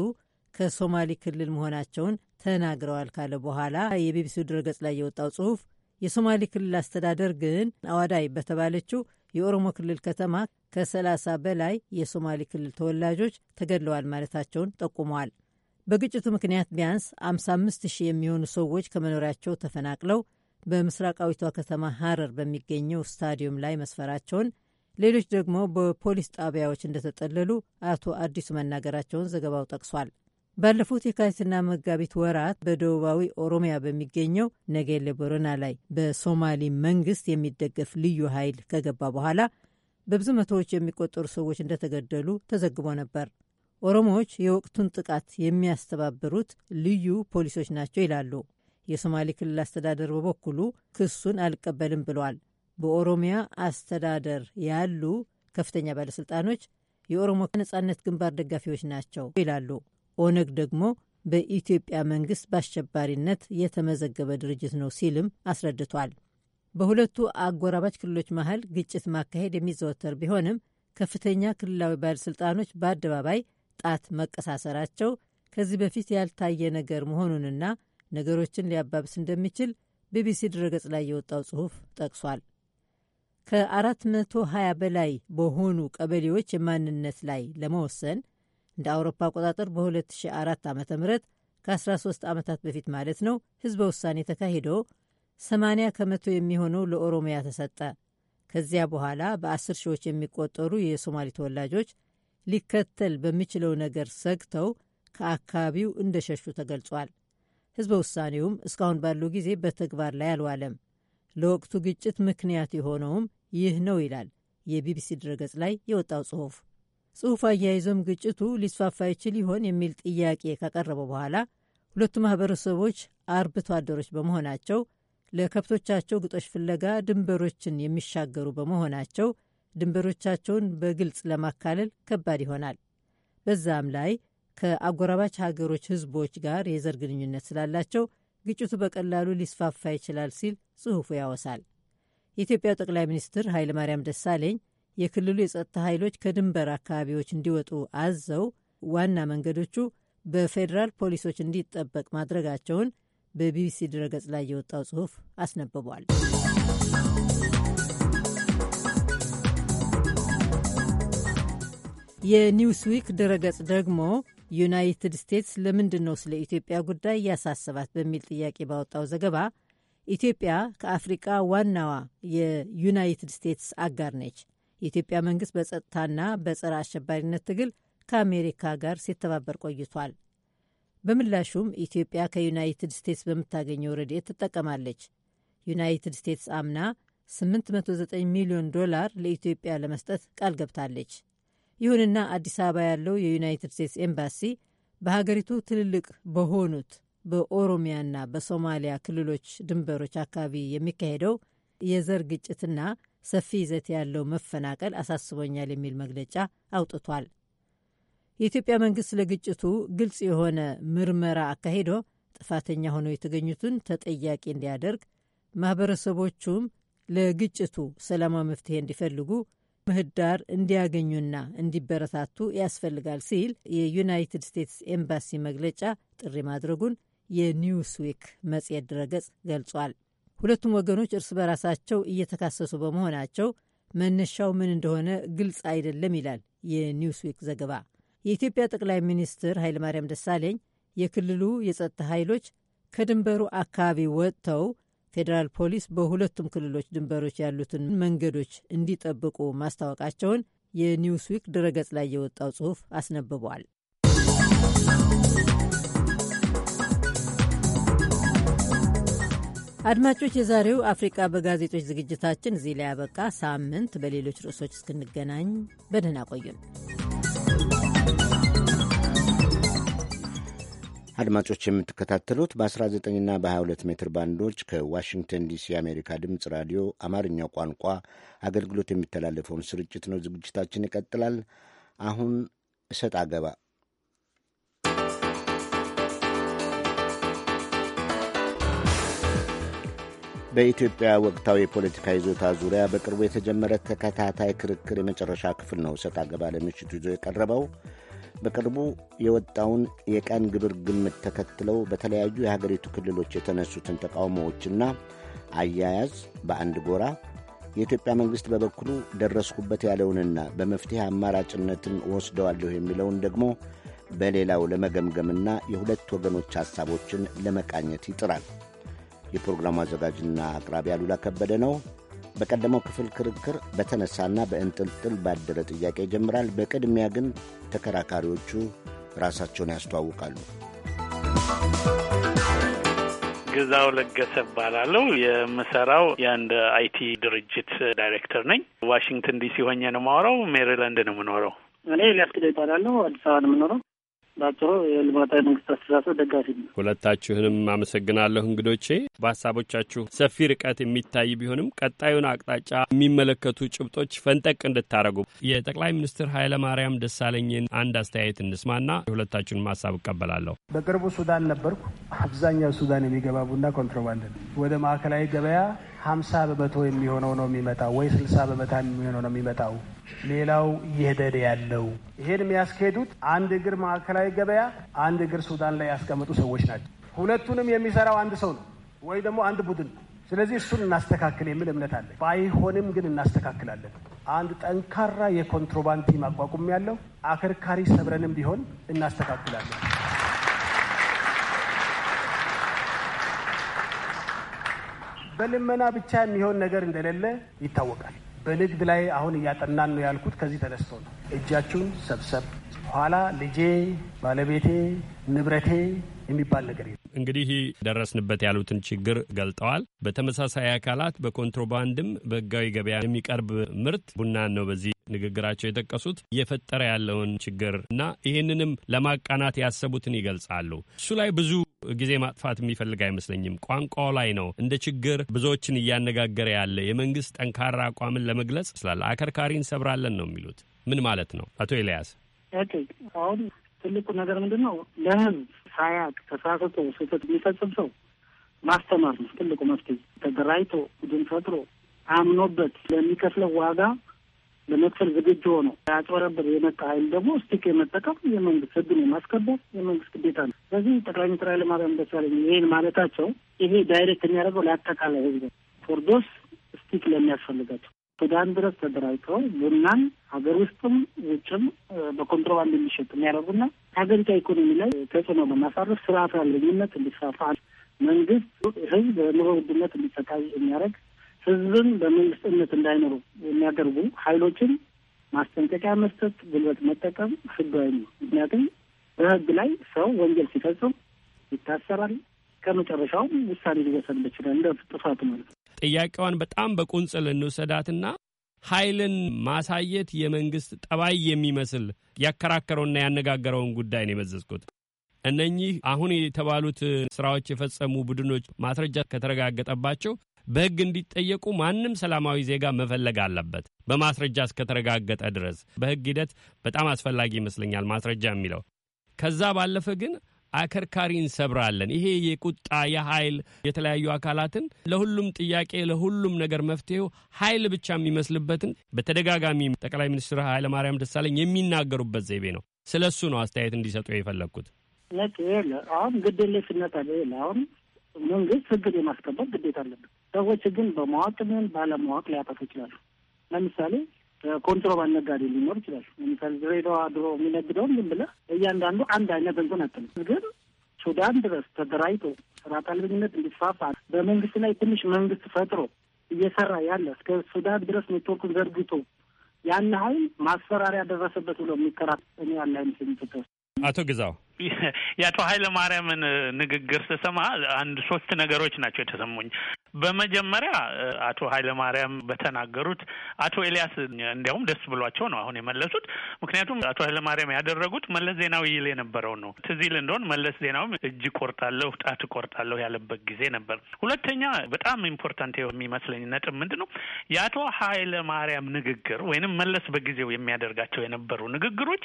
G: ከሶማሊ ክልል መሆናቸውን ተናግረዋል ካለ በኋላ የቢቢሲው ድረገጽ ላይ የወጣው ጽሁፍ የሶማሌ ክልል አስተዳደር ግን አዋዳይ በተባለችው የኦሮሞ ክልል ከተማ ከ30 በላይ የሶማሌ ክልል ተወላጆች ተገድለዋል ማለታቸውን ጠቁመዋል። በግጭቱ ምክንያት ቢያንስ 55 ሺህ የሚሆኑ ሰዎች ከመኖሪያቸው ተፈናቅለው በምስራቃዊቷ ከተማ ሀረር በሚገኘው ስታዲየም ላይ መስፈራቸውን ሌሎች ደግሞ በፖሊስ ጣቢያዎች እንደተጠለሉ አቶ አዲሱ መናገራቸውን ዘገባው ጠቅሷል። ባለፉት የካቲትና መጋቢት ወራት በደቡባዊ ኦሮሚያ በሚገኘው ነገሌ ቦረና ላይ በሶማሌ መንግስት የሚደገፍ ልዩ ኃይል ከገባ በኋላ በብዙ መቶዎች የሚቆጠሩ ሰዎች እንደተገደሉ ተዘግቦ ነበር። ኦሮሞዎች የወቅቱን ጥቃት የሚያስተባብሩት ልዩ ፖሊሶች ናቸው ይላሉ። የሶማሌ ክልል አስተዳደር በበኩሉ ክሱን አልቀበልም ብሏል። በኦሮሚያ አስተዳደር ያሉ ከፍተኛ ባለሥልጣኖች የኦሮሞ ነጻነት ግንባር ደጋፊዎች ናቸው ይላሉ። ኦነግ ደግሞ በኢትዮጵያ መንግስት በአሸባሪነት የተመዘገበ ድርጅት ነው ሲልም አስረድቷል። በሁለቱ አጎራባች ክልሎች መሀል ግጭት ማካሄድ የሚዘወተር ቢሆንም ከፍተኛ ክልላዊ ባለሥልጣኖች በአደባባይ ጣት መቀሳሰራቸው ከዚህ በፊት ያልታየ ነገር መሆኑንና ነገሮችን ሊያባብስ እንደሚችል ቢቢሲ ድረገጽ ላይ የወጣው ጽሑፍ ጠቅሷል። ከ420 በላይ በሆኑ ቀበሌዎች የማንነት ላይ ለመወሰን እንደ አውሮፓ አቆጣጠር በ2004 ዓ ም ከ13 ዓመታት በፊት ማለት ነው ህዝበ ውሳኔ ተካሂዶ 80 ከመቶ የሚሆነው ለኦሮሚያ ተሰጠ። ከዚያ በኋላ በአስር ሺዎች የሚቆጠሩ የሶማሌ ተወላጆች ሊከተል በሚችለው ነገር ሰግተው ከአካባቢው እንደሸሹ ተገልጿል። ህዝበ ውሳኔውም እስካሁን ባለው ጊዜ በተግባር ላይ አልዋለም። ለወቅቱ ግጭት ምክንያት የሆነውም ይህ ነው ይላል የቢቢሲ ድረገጽ ላይ የወጣው ጽሑፍ። ጽሑፍ አያይዞም ግጭቱ ሊስፋፋ ይችል ይሆን የሚል ጥያቄ ከቀረበ በኋላ ሁለቱ ማህበረሰቦች አርብቶ አደሮች በመሆናቸው ለከብቶቻቸው ግጦሽ ፍለጋ ድንበሮችን የሚሻገሩ በመሆናቸው ድንበሮቻቸውን በግልጽ ለማካለል ከባድ ይሆናል። በዛም ላይ ከአጎራባች ሀገሮች ህዝቦች ጋር የዘር ግንኙነት ስላላቸው ግጭቱ በቀላሉ ሊስፋፋ ይችላል ሲል ጽሑፉ ያወሳል። የኢትዮጵያው ጠቅላይ ሚኒስትር ኃይለማርያም ደሳለኝ የክልሉ የጸጥታ ኃይሎች ከድንበር አካባቢዎች እንዲወጡ አዘው ዋና መንገዶቹ በፌዴራል ፖሊሶች እንዲጠበቅ ማድረጋቸውን በቢቢሲ ድረገጽ ላይ የወጣው ጽሑፍ አስነብቧል። የኒውስዊክ ድረገጽ ደግሞ ዩናይትድ ስቴትስ ለምንድን ነው ስለ ኢትዮጵያ ጉዳይ እያሳሰባት በሚል ጥያቄ ባወጣው ዘገባ ኢትዮጵያ ከአፍሪቃ ዋናዋ የዩናይትድ ስቴትስ አጋር ነች የኢትዮጵያ መንግስት በጸጥታና በጸረ አሸባሪነት ትግል ከአሜሪካ ጋር ሲተባበር ቆይቷል። በምላሹም ኢትዮጵያ ከዩናይትድ ስቴትስ በምታገኘው ረድኤት ትጠቀማለች። ዩናይትድ ስቴትስ አምና 809 ሚሊዮን ዶላር ለኢትዮጵያ ለመስጠት ቃል ገብታለች። ይሁንና አዲስ አበባ ያለው የዩናይትድ ስቴትስ ኤምባሲ በሀገሪቱ ትልልቅ በሆኑት በኦሮሚያና በሶማሊያ ክልሎች ድንበሮች አካባቢ የሚካሄደው የዘር ግጭትና ሰፊ ይዘት ያለው መፈናቀል አሳስቦኛል የሚል መግለጫ አውጥቷል። የኢትዮጵያ መንግስት ለግጭቱ ግልጽ የሆነ ምርመራ አካሂዶ ጥፋተኛ ሆነው የተገኙትን ተጠያቂ እንዲያደርግ፣ ማህበረሰቦቹም ለግጭቱ ሰላማዊ መፍትሄ እንዲፈልጉ ምህዳር እንዲያገኙና እንዲበረታቱ ያስፈልጋል ሲል የዩናይትድ ስቴትስ ኤምባሲ መግለጫ ጥሪ ማድረጉን የኒውስዊክ መጽሔት ድረገጽ ገልጿል። ሁለቱም ወገኖች እርስ በራሳቸው እየተካሰሱ በመሆናቸው መነሻው ምን እንደሆነ ግልጽ አይደለም ይላል የኒውስዊክ ዘገባ። የኢትዮጵያ ጠቅላይ ሚኒስትር ኃይለማርያም ደሳለኝ የክልሉ የጸጥታ ኃይሎች ከድንበሩ አካባቢ ወጥተው ፌዴራል ፖሊስ በሁለቱም ክልሎች ድንበሮች ያሉትን መንገዶች እንዲጠብቁ ማስታወቃቸውን የኒውስዊክ ድረገጽ ላይ የወጣው ጽሑፍ አስነብቧል። አድማጮች፣ የዛሬው አፍሪቃ በጋዜጦች ዝግጅታችን እዚህ ላይ ያበቃ። ሳምንት በሌሎች ርዕሶች እስክንገናኝ በደህና ቆዩን።
D: አድማጮች የምትከታተሉት በ19ና በ22 ሜትር ባንዶች ከዋሽንግተን ዲሲ የአሜሪካ ድምፅ ራዲዮ አማርኛው ቋንቋ አገልግሎት የሚተላለፈውን ስርጭት ነው። ዝግጅታችን ይቀጥላል። አሁን እሰጥ አገባ በኢትዮጵያ ወቅታዊ የፖለቲካ ይዞታ ዙሪያ በቅርቡ የተጀመረ ተከታታይ ክርክር የመጨረሻ ክፍል ነው። ሰጥ አገባ ለምሽቱ ይዞ የቀረበው በቅርቡ የወጣውን የቀን ግብር ግምት ተከትለው በተለያዩ የሀገሪቱ ክልሎች የተነሱትን ተቃውሞዎችና አያያዝ በአንድ ጎራ፣ የኢትዮጵያ መንግሥት በበኩሉ ደረስኩበት ያለውንና በመፍትሄ አማራጭነትን ወስደዋለሁ የሚለውን ደግሞ በሌላው ለመገምገምና የሁለት ወገኖች ሐሳቦችን ለመቃኘት ይጥራል። የፕሮግራሙ አዘጋጅና አቅራቢ አሉላ ከበደ ነው። በቀደመው ክፍል ክርክር በተነሳና በእንጥልጥል ባደረ ጥያቄ ይጀምራል። በቅድሚያ ግን ተከራካሪዎቹ ራሳቸውን ያስተዋውቃሉ።
C: ግዛው ለገሰ እባላለሁ። የምሰራው የአንድ አይቲ ድርጅት ዳይሬክተር ነኝ። ዋሽንግተን ዲሲ ሆኜ ነው
F: የማወራው። ሜሪላንድ ነው የምኖረው።
M: እኔ ሊያስክደ ይባላለሁ። አዲስ አበባ ነው የምኖረው። ባጭሩ የልማታዊ መንግስት አስተሳሰብ ደጋፊ ነው።
F: ሁለታችሁንም አመሰግናለሁ እንግዶቼ። በሀሳቦቻችሁ ሰፊ ርቀት የሚታይ ቢሆንም ቀጣዩን አቅጣጫ የሚመለከቱ ጭብጦች ፈንጠቅ እንድታደረጉ የጠቅላይ ሚኒስትር ኃይለ ማርያም ደሳለኝን አንድ አስተያየት እንስማና የሁለታችሁንም ሀሳብ እቀበላለሁ።
M: በቅርቡ ሱዳን ነበርኩ። አብዛኛው ሱዳን የሚገባ ቡና ኮንትሮባንድ ወደ ማዕከላዊ ገበያ ሀምሳ በመቶ የሚሆነው ነው የሚመጣው ወይ ስልሳ በመቶ የሚሆነው ነው የሚመጣው። ሌላው እየሄደ ያለው ይሄን የሚያስኬዱት አንድ እግር ማዕከላዊ ገበያ፣ አንድ እግር ሱዳን ላይ ያስቀመጡ ሰዎች ናቸው። ሁለቱንም የሚሰራው አንድ ሰው ነው ወይ ደግሞ አንድ ቡድን። ስለዚህ እሱን እናስተካክል የሚል እምነት አለ። ባይሆንም ግን እናስተካክላለን። አንድ ጠንካራ የኮንትሮባንድ ቲም አቋቁም ያለው አከርካሪ ሰብረንም ቢሆን እናስተካክላለን። በልመና ብቻ የሚሆን ነገር እንደሌለ ይታወቃል። በንግድ ላይ አሁን እያጠናን ነው ያልኩት ከዚህ ተነስቶ ነው። እጃችሁን ሰብሰብ ኋላ ልጄ፣ ባለቤቴ፣ ንብረቴ የሚባል ነገር የለም።
F: እንግዲህ ደረስንበት ያሉትን ችግር ገልጠዋል። በተመሳሳይ አካላት በኮንትሮባንድም በህጋዊ ገበያ የሚቀርብ ምርት ቡናን ነው በዚህ ንግግራቸው የጠቀሱት እየፈጠረ ያለውን ችግር እና ይህንንም ለማቃናት ያሰቡትን ይገልጻሉ። እሱ ላይ ብዙ ጊዜ ማጥፋት የሚፈልግ አይመስለኝም። ቋንቋው ላይ ነው እንደ ችግር ብዙዎችን እያነጋገረ ያለ የመንግስት ጠንካራ አቋምን ለመግለጽ ስላለ አከርካሪ እንሰብራለን ነው የሚሉት። ምን ማለት ነው አቶ ኤልያስ?
M: አሁን ትልቁ ነገር ምንድን ነው? ለህዝብ ሳያቅ ተሳስቶ ስህተት የሚፈጽም ሰው ማስተማር ነው ትልቁ መፍትሄ። ተደራጅቶ ቡድን ፈጥሮ አምኖበት ለሚከፍለው ዋጋ ለመክፈል ዝግጁ ሆኖ ያጭበረብር የመጣ ኃይል ደግሞ ስቲክ የመጠቀም የመንግስት ህግን የማስከበር የመንግስት ግዴታ ነው። ስለዚህ ጠቅላይ ሚኒስትር ኃይለማርያም ደሳለኝ ይህን ማለታቸው ይሄ ዳይሬክት የሚያደርገው ለአጠቃላይ ህዝብ ፎርዶስ ስቲክ ለሚያስፈልጋቸው ሱዳን ድረስ ተደራጅተው ቡናን ሀገር ውስጥም ውጭም በኮንትሮባንድ እንዲሸጥ የሚያደርጉና ሀገሪቷ ኢኮኖሚ ላይ ተጽዕኖ በማሳረፍ ስርዓት አልበኝነት እንዲስፋፋ መንግስት ህዝብ በኑሮ ውድነት እንዲሰቃይ የሚያደርግ ህዝብን በመንግስትነት እንዳይኖሩ የሚያደርጉ ሀይሎችን ማስጠንቀቂያ መስጠት፣ ጉልበት መጠቀም ህጋዊ ነው። ምክንያቱም በህግ ላይ ሰው ወንጀል ሲፈጽም ይታሰራል። ከመጨረሻውም ውሳኔ ሊወሰንበት ይችላል እንደ
F: ጥፋት ማለት ነው። ጥያቄዋን በጣም በቁንጽል እንውሰዳትና ኃይልን ማሳየት የመንግስት ጠባይ የሚመስል ያከራከረውና ያነጋገረውን ጉዳይ ነው የመዘዝኩት። እነኚህ አሁን የተባሉት ስራዎች የፈጸሙ ቡድኖች ማስረጃ ከተረጋገጠባቸው በሕግ እንዲጠየቁ ማንም ሰላማዊ ዜጋ መፈለግ አለበት በማስረጃ እስከተረጋገጠ ድረስ። በሕግ ሂደት በጣም አስፈላጊ ይመስለኛል ማስረጃ የሚለው። ከዛ ባለፈ ግን አከርካሪ እንሰብራለን። ይሄ የቁጣ የኃይል የተለያዩ አካላትን ለሁሉም ጥያቄ ለሁሉም ነገር መፍትሄው ኃይል ብቻ የሚመስልበትን በተደጋጋሚ ጠቅላይ ሚኒስትር ኃይለማርያም ደሳለኝ የሚናገሩበት ዘይቤ ነው። ስለ እሱ ነው አስተያየት እንዲሰጡ የፈለግኩት።
M: አሁን ግድየለሽነት አለ። አሁን መንግስት ህግን የማስከበር ግዴታ አለበት። ሰዎች ግን በማወቅ ምን ባለማወቅ ሊያጠፉ ይችላሉ። ለምሳሌ ኮንትሮባንድ ነጋዴ ሊኖር ይችላል። ለምሳሌ ድሬዳዋ ድሮ የሚነግደውም ዝም ብለህ እያንዳንዱ አንድ አይነት እንትን አትልም። ግን ሱዳን ድረስ ተደራጅቶ ስርዓተ አልበኝነት እንዲስፋፋ በመንግስት ላይ ትንሽ መንግስት ፈጥሮ እየሰራ ያለ እስከ ሱዳን ድረስ ኔትወርኩን ዘርግቶ ያን ሀይል ማስፈራሪያ ደረሰበት ብሎ የሚከራ እኔ ያለ አይነት
F: አቶ ግዛው *laughs*
C: የአቶ ኃይለ ማርያምን ንግግር ስሰማ አንድ ሶስት ነገሮች ናቸው የተሰሙኝ። በመጀመሪያ አቶ ኃይለማርያም በተናገሩት አቶ ኤልያስ እንዲያውም ደስ ብሏቸው ነው አሁን የመለሱት። ምክንያቱም አቶ ኃይለማርያም ያደረጉት መለስ ዜናዊ ይል የነበረውን ነው። ትዝ ይል እንደሆን መለስ ዜናዊም እጅ ቆርጣለሁ፣ ጣት ቆርጣለሁ ያለበት ጊዜ ነበር። ሁለተኛ በጣም ኢምፖርታንት የሚመስለኝ ነጥብ ምንድን ነው የአቶ ኃይለማርያም ንግግር ወይንም መለስ በጊዜው የሚያደርጋቸው የነበሩ ንግግሮች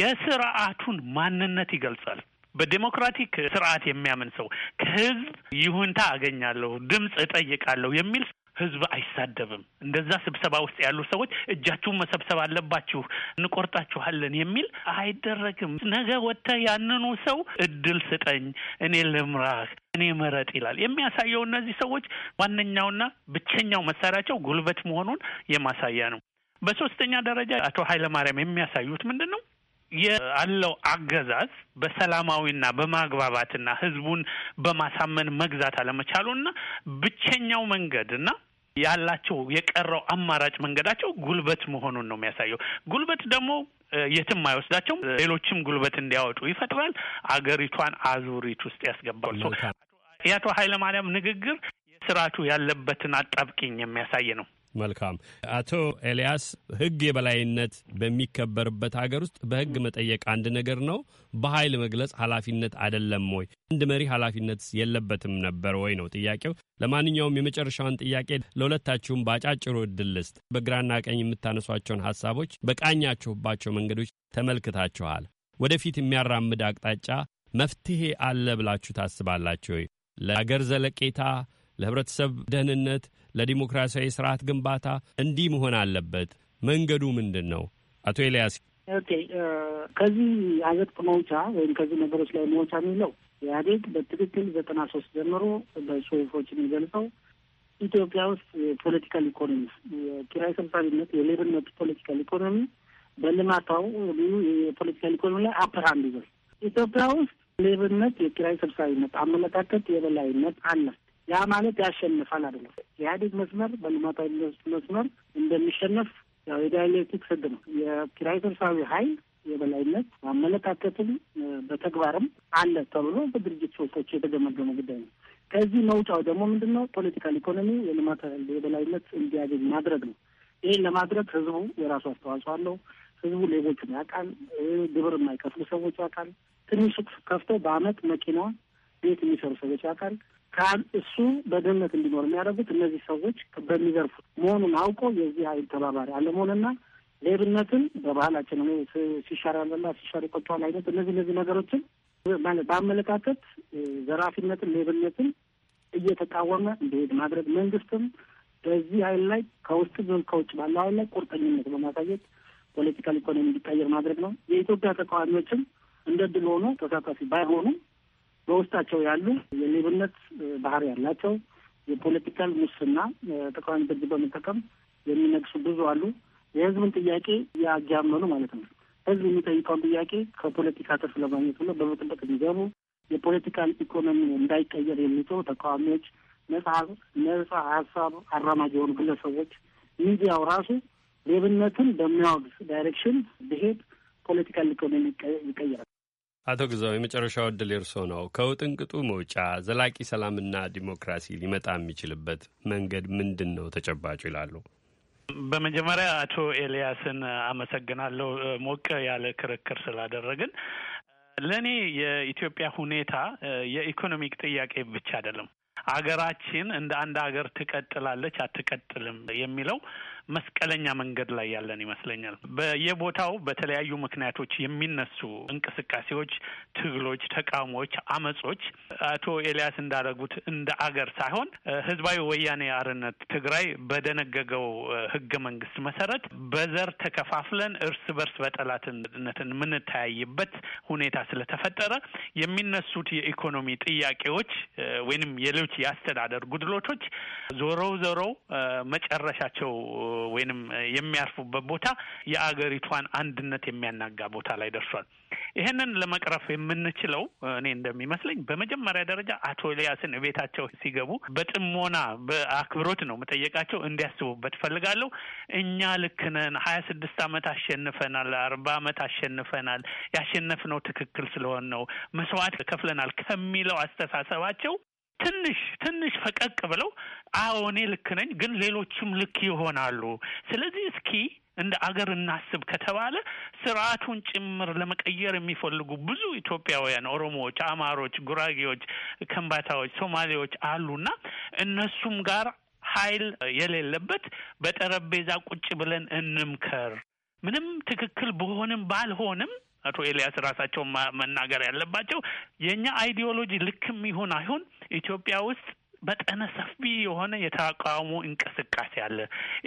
C: የስርዓቱን ማንነት ይገልጻል። በዴሞክራቲክ ስርዓት የሚያምን ሰው ከህዝብ ይሁንታ አገኛለሁ፣ ድምፅ እጠይቃለሁ የሚል ህዝብ አይሳደብም። እንደዛ ስብሰባ ውስጥ ያሉ ሰዎች እጃችሁን መሰብሰብ አለባችሁ፣ እንቆርጣችኋለን የሚል አይደረግም። ነገ ወጥተህ ያንኑ ሰው እድል ስጠኝ፣ እኔ ልምራህ፣ እኔ መረጥ ይላል። የሚያሳየው እነዚህ ሰዎች ዋነኛውና ብቸኛው መሳሪያቸው ጉልበት መሆኑን የማሳያ ነው። በሶስተኛ ደረጃ አቶ ኃይለማርያም የሚያሳዩት ምንድን ነው? ያለው አገዛዝ በሰላማዊና በማግባባትና ህዝቡን በማሳመን መግዛት አለመቻሉና ብቸኛው መንገድና ያላቸው የቀረው አማራጭ መንገዳቸው ጉልበት መሆኑን ነው የሚያሳየው። ጉልበት ደግሞ የትም አይወስዳቸውም። ሌሎችም ጉልበት እንዲያወጡ ይፈጥራል። አገሪቷን አዙሪት ውስጥ ያስገባል። የአቶ ኃይለማርያም ንግግር የስርዓቱ ያለበትን አጣብቂኝ የሚያሳይ ነው።
F: መልካም አቶ ኤልያስ፣ ህግ የበላይነት በሚከበርበት ሀገር ውስጥ በህግ መጠየቅ አንድ ነገር ነው፣ በኃይል መግለጽ ኃላፊነት አይደለም ወይ? አንድ መሪ ኃላፊነት የለበትም ነበር ወይ ነው ጥያቄው። ለማንኛውም የመጨረሻውን ጥያቄ ለሁለታችሁም በአጫጭሩ እድል ልስጥ። በግራና ቀኝ የምታነሷቸውን ሀሳቦች በቃኛችሁባቸው መንገዶች ተመልክታችኋል። ወደፊት የሚያራምድ አቅጣጫ መፍትሄ አለ ብላችሁ ታስባላችሁ ወይ ለአገር ዘለቄታ ለህብረተሰብ ደህንነት፣ ለዲሞክራሲያዊ ስርዓት ግንባታ እንዲህ መሆን አለበት። መንገዱ ምንድን ነው? አቶ ኤልያስ።
M: ኦኬ ከዚህ አዘቅት መውጫ ወይም ከዚህ ነገሮች ላይ መውጫ የሚለው ኢህአዴግ በትክክል ዘጠና ሶስት ጀምሮ በጽሁፎች የሚገልጸው ኢትዮጵያ ውስጥ የፖለቲካል ኢኮኖሚ የኪራይ ሰብሳቢነት፣ የሌብነት ፖለቲካል ኢኮኖሚ በልማታው የፖለቲካል ኢኮኖሚ ላይ አፐር ሃንድ ይዟል። ኢትዮጵያ ውስጥ ሌብነት፣ የኪራይ ሰብሳቢነት አመለካከት የበላይነት አለ። ያ ማለት ያሸንፋል አይደለም። የኢህአዴግ መስመር በልማታዊ መስመር እንደሚሸነፍ ያው የዳይሌክቲክ ስድ ነው። የኪራይ ሰብሳቢ ሀይል የበላይነት ማመለካከትም በተግባርም አለ ተብሎ በድርጅት ሶልቶች የተገመገመ ጉዳይ ነው። ከዚህ መውጫው ደግሞ ምንድን ነው? ፖለቲካል ኢኮኖሚ የልማት የበላይነት እንዲያገኝ ማድረግ ነው። ይህን ለማድረግ ህዝቡ የራሱ አስተዋጽኦ አለው። ህዝቡ ሌቦችን ያውቃል። ግብር የማይከፍሉ ሰዎች ያውቃል። ትንሽ ሱቅ ከፍተው በአመት መኪና ቤት የሚሰሩ ሰዎች ያውቃል። ካን እሱም በደህንነት እንዲኖር የሚያደርጉት እነዚህ ሰዎች በሚዘርፉት መሆኑን አውቆ የዚህ ኃይል ተባባሪ አለመሆንና ሌብነትን በባህላችን ሲሻር ያለላ ሲሻር የቆጠዋል አይነት እነዚህ እነዚህ ነገሮችን ማለት በአመለካከት ዘራፊነትን፣ ሌብነትን እየተቃወመ እንዲሄድ ማድረግ መንግስትም በዚህ ኃይል ላይ ከውስጥ ዞን ከውጭ ባለው ኃይል ላይ ቁርጠኝነት በማሳየት ፖለቲካል ኢኮኖሚ እንዲቀየር ማድረግ ነው። የኢትዮጵያ ተቃዋሚዎችም እንደ ድል ሆኖ ተሳታፊ ባይሆኑም በውስጣቸው ያሉ የሌብነት ባህሪ ያላቸው የፖለቲካል ሙስና ተቃዋሚ በእጅ በመጠቀም የሚነግሱ ብዙ አሉ። የህዝብን ጥያቄ ያጃመኑ ማለት ነው። ህዝብ የሚጠይቀውን ጥያቄ ከፖለቲካ ትርፍ ለማግኘት ብሎ በመጠበቅ የሚገቡ የፖለቲካል ኢኮኖሚ እንዳይቀየር የሚጥሩ ተቃዋሚዎች፣ ነጻ ሀሳብ አራማጅ የሆኑ ግለሰቦች፣ ሚዲያው ራሱ ሌብነትን በሚያወግዝ ዳይሬክሽን ብሄድ ፖለቲካል ኢኮኖሚ ይቀየራል።
F: አቶ ግዛው የመጨረሻው ዕድል እርሶ ነው። ከውጥንቅጡ መውጫ ዘላቂ ሰላምና ዲሞክራሲ ሊመጣ የሚችልበት መንገድ ምንድን ነው ተጨባጩ? ይላሉ።
C: በመጀመሪያ አቶ ኤልያስን አመሰግናለሁ ሞቅ ያለ ክርክር ስላደረግን። ለእኔ የኢትዮጵያ ሁኔታ የኢኮኖሚክ ጥያቄ ብቻ አይደለም። አገራችን እንደ አንድ ሀገር ትቀጥላለች አትቀጥልም የሚለው መስቀለኛ መንገድ ላይ ያለን ይመስለኛል። በየቦታው በተለያዩ ምክንያቶች የሚነሱ እንቅስቃሴዎች፣ ትግሎች፣ ተቃውሞዎች፣ አመጾች አቶ ኤልያስ እንዳደረጉት እንደ አገር ሳይሆን ህዝባዊ ወያኔ አርነት ትግራይ በደነገገው ህገ መንግስት መሰረት በዘር ተከፋፍለን እርስ በርስ በጠላትነትን የምንተያይበት ሁኔታ ስለተፈጠረ የሚነሱት የኢኮኖሚ ጥያቄዎች ወይንም የሌሎች የአስተዳደር ጉድሎቶች ዞሮ ዞሮ መጨረሻቸው ወይንም የሚያርፉበት ቦታ የአገሪቷን አንድነት የሚያናጋ ቦታ ላይ ደርሷል። ይህንን ለመቅረፍ የምንችለው እኔ እንደሚመስለኝ በመጀመሪያ ደረጃ አቶ ኤልያስን ቤታቸው ሲገቡ በጥሞና በአክብሮት ነው መጠየቃቸው እንዲያስቡበት ፈልጋለሁ። እኛ ልክ ነን፣ ሀያ ስድስት አመት አሸንፈናል፣ አርባ አመት አሸንፈናል፣ ያሸነፍነው ትክክል ስለሆን ነው፣ መስዋዕት ከፍለናል ከሚለው አስተሳሰባቸው ትንሽ ትንሽ ፈቀቅ ብለው አዎ እኔ ልክ ነኝ፣ ግን ሌሎችም ልክ ይሆናሉ። ስለዚህ እስኪ እንደ አገር እናስብ ከተባለ ስርዓቱን ጭምር ለመቀየር የሚፈልጉ ብዙ ኢትዮጵያውያን፣ ኦሮሞዎች፣ አማሮች፣ ጉራጌዎች፣ ከምባታዎች፣ ሶማሌዎች አሉና እነሱም ጋር ኃይል የሌለበት በጠረጴዛ ቁጭ ብለን እንምከር ምንም ትክክል በሆንም ባልሆንም አቶ ኤልያስ ራሳቸው መናገር ያለባቸው የእኛ አይዲዮሎጂ ልክም ይሁን አይሁን ኢትዮጵያ ውስጥ በጠነ ሰፊ የሆነ የተቃውሞ እንቅስቃሴ አለ።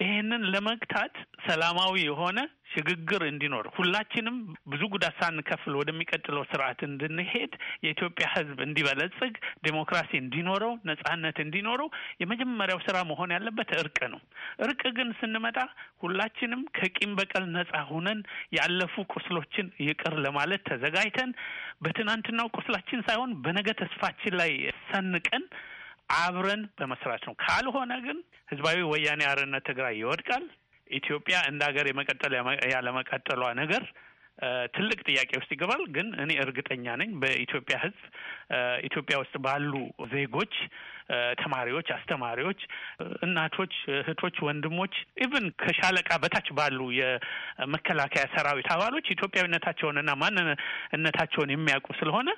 C: ይሄንን ለመግታት ሰላማዊ የሆነ ሽግግር እንዲኖር ሁላችንም ብዙ ጉዳት ሳንከፍል ወደሚቀጥለው ስርዓት እንድንሄድ የኢትዮጵያ ሕዝብ እንዲበለጽግ ዴሞክራሲ እንዲኖረው ነጻነት እንዲኖረው የመጀመሪያው ስራ መሆን ያለበት እርቅ ነው። እርቅ ግን ስንመጣ ሁላችንም ከቂም በቀል ነጻ ሆነን ያለፉ ቁስሎችን ይቅር ለማለት ተዘጋጅተን በትናንትናው ቁስላችን ሳይሆን በነገ ተስፋችን ላይ ሰንቀን አብረን በመስራት ነው። ካልሆነ ግን ህዝባዊ ወያኔ አርነት ትግራይ ይወድቃል። ኢትዮጵያ እንደ ሀገር የመቀጠል ያለመቀጠሏ ነገር ትልቅ ጥያቄ ውስጥ ይገባል። ግን እኔ እርግጠኛ ነኝ በኢትዮጵያ ህዝብ ኢትዮጵያ ውስጥ ባሉ ዜጎች ተማሪዎች፣ አስተማሪዎች፣ እናቶች፣ እህቶች፣ ወንድሞች ኢቭን ከሻለቃ በታች ባሉ የመከላከያ ሰራዊት አባሎች ኢትዮጵያዊነታቸውንና ማንነታቸውን የሚያውቁ ስለሆነ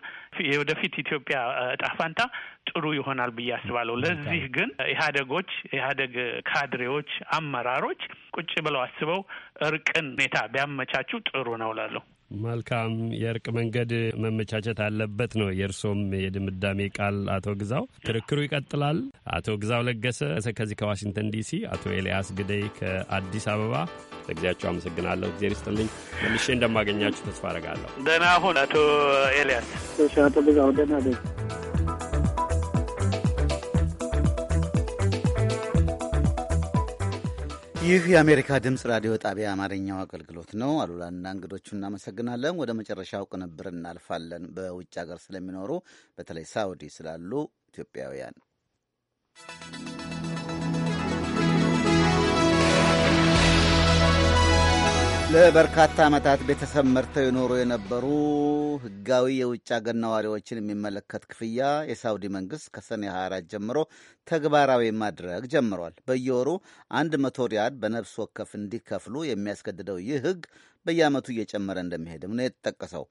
C: የወደፊት ኢትዮጵያ እጣ ፋንታ ጥሩ ይሆናል ብዬ አስባለሁ። ለዚህ ግን ኢህአደጎች ኢህአደግ ካድሬዎች፣ አመራሮች ቁጭ ብለው አስበው እርቅን ሁኔታ ቢያመቻቹ ጥሩ ነው እላለሁ።
F: መልካም የእርቅ መንገድ መመቻቸት አለበት ነው የእርሶም የድምዳሜ ቃል። አቶ ግዛው ክርክሩ ይቀጥላል። አቶ ግዛው ለገሰ ከዚህ ከዋሽንግተን ዲሲ፣ አቶ ኤልያስ ግደይ ከአዲስ አበባ ለጊዜያቸው አመሰግናለሁ። እግዜር ይስጥልኝ። መልሼ እንደማገኛችሁ ተስፋ አረጋለሁ።
C: ደህና አሁን አቶ ኤልያስ። እሺ አቶ
M: ግዛው ደህና
A: ይህ የአሜሪካ ድምፅ ራዲዮ ጣቢያ አማርኛው አገልግሎት ነው። አሉላና እንግዶቹ እናመሰግናለን። ወደ መጨረሻው ቅንብር እናልፋለን። በውጭ ሀገር ስለሚኖሩ በተለይ ሳውዲ ስላሉ ኢትዮጵያውያን ለበርካታ ዓመታት ቤተሰብ መርተው ይኖሩ የነበሩ ህጋዊ የውጭ አገር ነዋሪዎችን የሚመለከት ክፍያ የሳውዲ መንግሥት ከሰኔ 24 ጀምሮ ተግባራዊ ማድረግ ጀምሯል። በየወሩ መቶ ሪያድ በነፍስ ወከፍ እንዲከፍሉ የሚያስገድደው ይህ ህግ በየዓመቱ እየጨመረ እንደሚሄድም ነው የተጠቀሰው።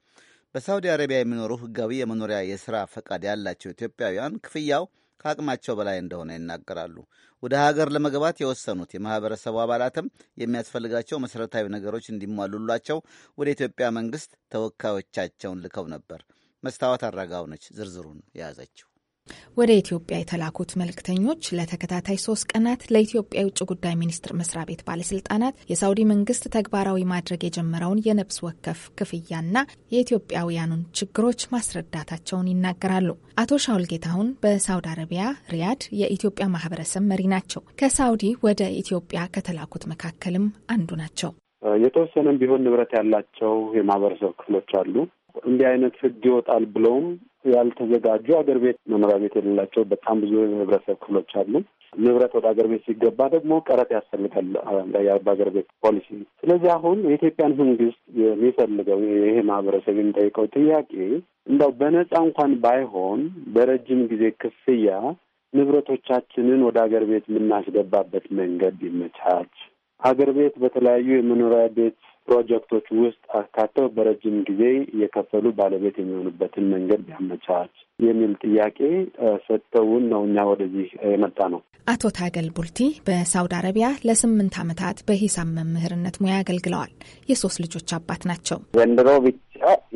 A: በሳውዲ አረቢያ የሚኖሩ ህጋዊ የመኖሪያ የሥራ ፈቃድ ያላቸው ኢትዮጵያውያን ክፍያው ከአቅማቸው በላይ እንደሆነ ይናገራሉ። ወደ ሀገር ለመግባት የወሰኑት የማህበረሰቡ አባላትም የሚያስፈልጋቸው መሠረታዊ ነገሮች እንዲሟሉላቸው ወደ ኢትዮጵያ መንግሥት ተወካዮቻቸውን ልከው ነበር። መስታወት አራጋው ነች ዝርዝሩን የያዘችው።
B: ወደ ኢትዮጵያ የተላኩት መልእክተኞች ለተከታታይ ሶስት ቀናት ለኢትዮጵያ የውጭ ጉዳይ ሚኒስትር መስሪያ ቤት ባለስልጣናት የሳውዲ መንግስት ተግባራዊ ማድረግ የጀመረውን የነብስ ወከፍ ክፍያና የኢትዮጵያውያኑን ችግሮች ማስረዳታቸውን ይናገራሉ። አቶ ሻውል ጌታሁን በሳውዲ አረቢያ ሪያድ የኢትዮጵያ ማህበረሰብ መሪ ናቸው። ከሳውዲ ወደ ኢትዮጵያ ከተላኩት መካከልም አንዱ ናቸው።
N: የተወሰነም ቢሆን ንብረት ያላቸው የማህበረሰብ ክፍሎች አሉ። እንዲህ አይነት ህግ ይወጣል ብለውም ያልተዘጋጁ አገር ቤት መኖሪያ ቤት የሌላቸው በጣም ብዙ የህብረተሰብ ክፍሎች አሉ። ንብረት ወደ አገር ቤት ሲገባ ደግሞ ቀረጥ ያስፈልጋል በአገር ቤት ፖሊሲ። ስለዚህ አሁን የኢትዮጵያን መንግስት የሚፈልገው ይሄ ማህበረሰብ የሚጠይቀው ጥያቄ እንደው በነፃ እንኳን ባይሆን በረጅም ጊዜ ክፍያ ንብረቶቻችንን ወደ አገር ቤት የምናስገባበት መንገድ ይመቻች። አገር ቤት በተለያዩ የመኖሪያ ቤት ፕሮጀክቶች ውስጥ አካተው በረጅም ጊዜ እየከፈሉ ባለቤት የሚሆኑበትን መንገድ ቢያመቻች የሚል ጥያቄ ሰጥተውን ነው እኛ ወደዚህ የመጣ ነው።
B: አቶ ታገል ቡልቲ በሳውዲ አረቢያ ለስምንት ዓመታት በሂሳብ መምህርነት ሙያ አገልግለዋል። የሶስት ልጆች አባት ናቸው።
N: ዘንድሮ ብቻ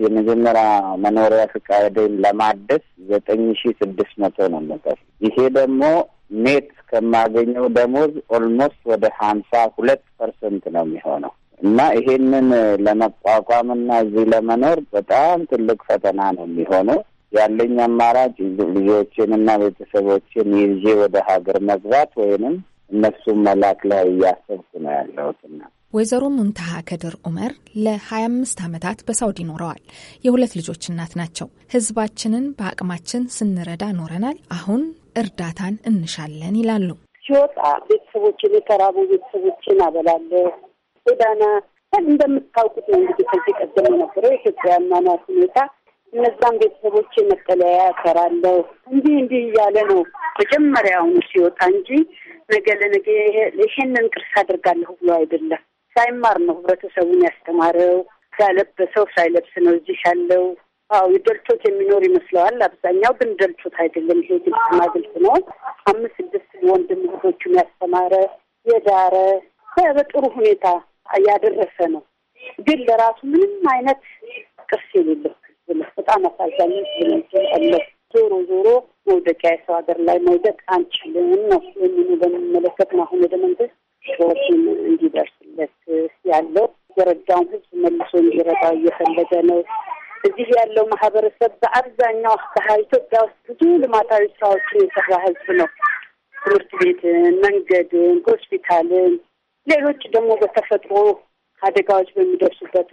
N: የመጀመሪያ መኖሪያ ፈቃድን ለማደስ ዘጠኝ ሺ ስድስት መቶ ነው መጠፍ ይሄ ደግሞ ኔት ከማገኘው ደሞዝ ኦልሞስት ወደ ሀምሳ ሁለት ፐርሰንት ነው የሚሆነው እና ይሄንን ለመቋቋምና እዚህ ለመኖር በጣም ትልቅ ፈተና ነው የሚሆነው። ያለኝ አማራጭ ልጆችንና ቤተሰቦችን ይዤ ወደ ሀገር መግባት ወይንም እነሱን መላክ ላይ እያሰብኩ ነው ያለሁትና
B: ወይዘሮ ሙንታሃ ከድር ኡመር ለ25 ዓመታት በሳውዲ ኖረዋል። የሁለት ልጆች እናት ናቸው። ህዝባችንን በአቅማችን ስንረዳ ኖረናል። አሁን እርዳታን እንሻለን ይላሉ።
K: ሲወጣ ቤተሰቦችን የተራቡ ቤተሰቦችን አበላለሁ ጎዳና እንደምታውቁት ነው እንግዲህ ከዚህ ቀደም የነበረው የኢትዮጵያ አኗኗር ሁኔታ እነዛም ቤተሰቦች መጠለያ ያሰራለሁ እንዲህ እንዲህ እያለ ነው መጀመሪያውኑ ሲወጣ እንጂ ነገ ለነገ ይሄንን ቅርስ አድርጋለሁ ብሎ አይደለም። ሳይማር ነው ህብረተሰቡን ያስተማረው። ያለበሰው ሳይለብስ ነው እዚህ ያለው። አዎ ደልቶት የሚኖር ይመስለዋል። አብዛኛው ግን ደልቶት አይደለም። ይሄ ግልጽ ማግልጽ ነው። አምስት ስድስት ወንድም እህቶቹን ያስተማረ የዳረ በጥሩ ሁኔታ ያደረሰ ነው። ግን ለራሱ ምንም አይነት ቅርስ የሌለው በጣም አሳዛኝ ዞሮ ዞሮ መውደቂያ የሰው ሀገር ላይ መውደቅ አንችልም ነው የሚኑ በሚመለከት ነው አሁን ወደ መንግስት ሰዎችን እንዲደርስለት ያለው የረዳውን ህዝብ መልሶ እንዲረዳው እየፈለገ ነው። እዚህ ያለው ማህበረሰብ በአብዛኛው ኢትዮጵያ ውስጥ ብዙ ልማታዊ ስራዎችን የሰራ ህዝብ ነው። ትምህርት ቤትን፣ መንገድን፣ ሆስፒታልን ሌሎች ደግሞ በተፈጥሮ አደጋዎች በሚደርሱበት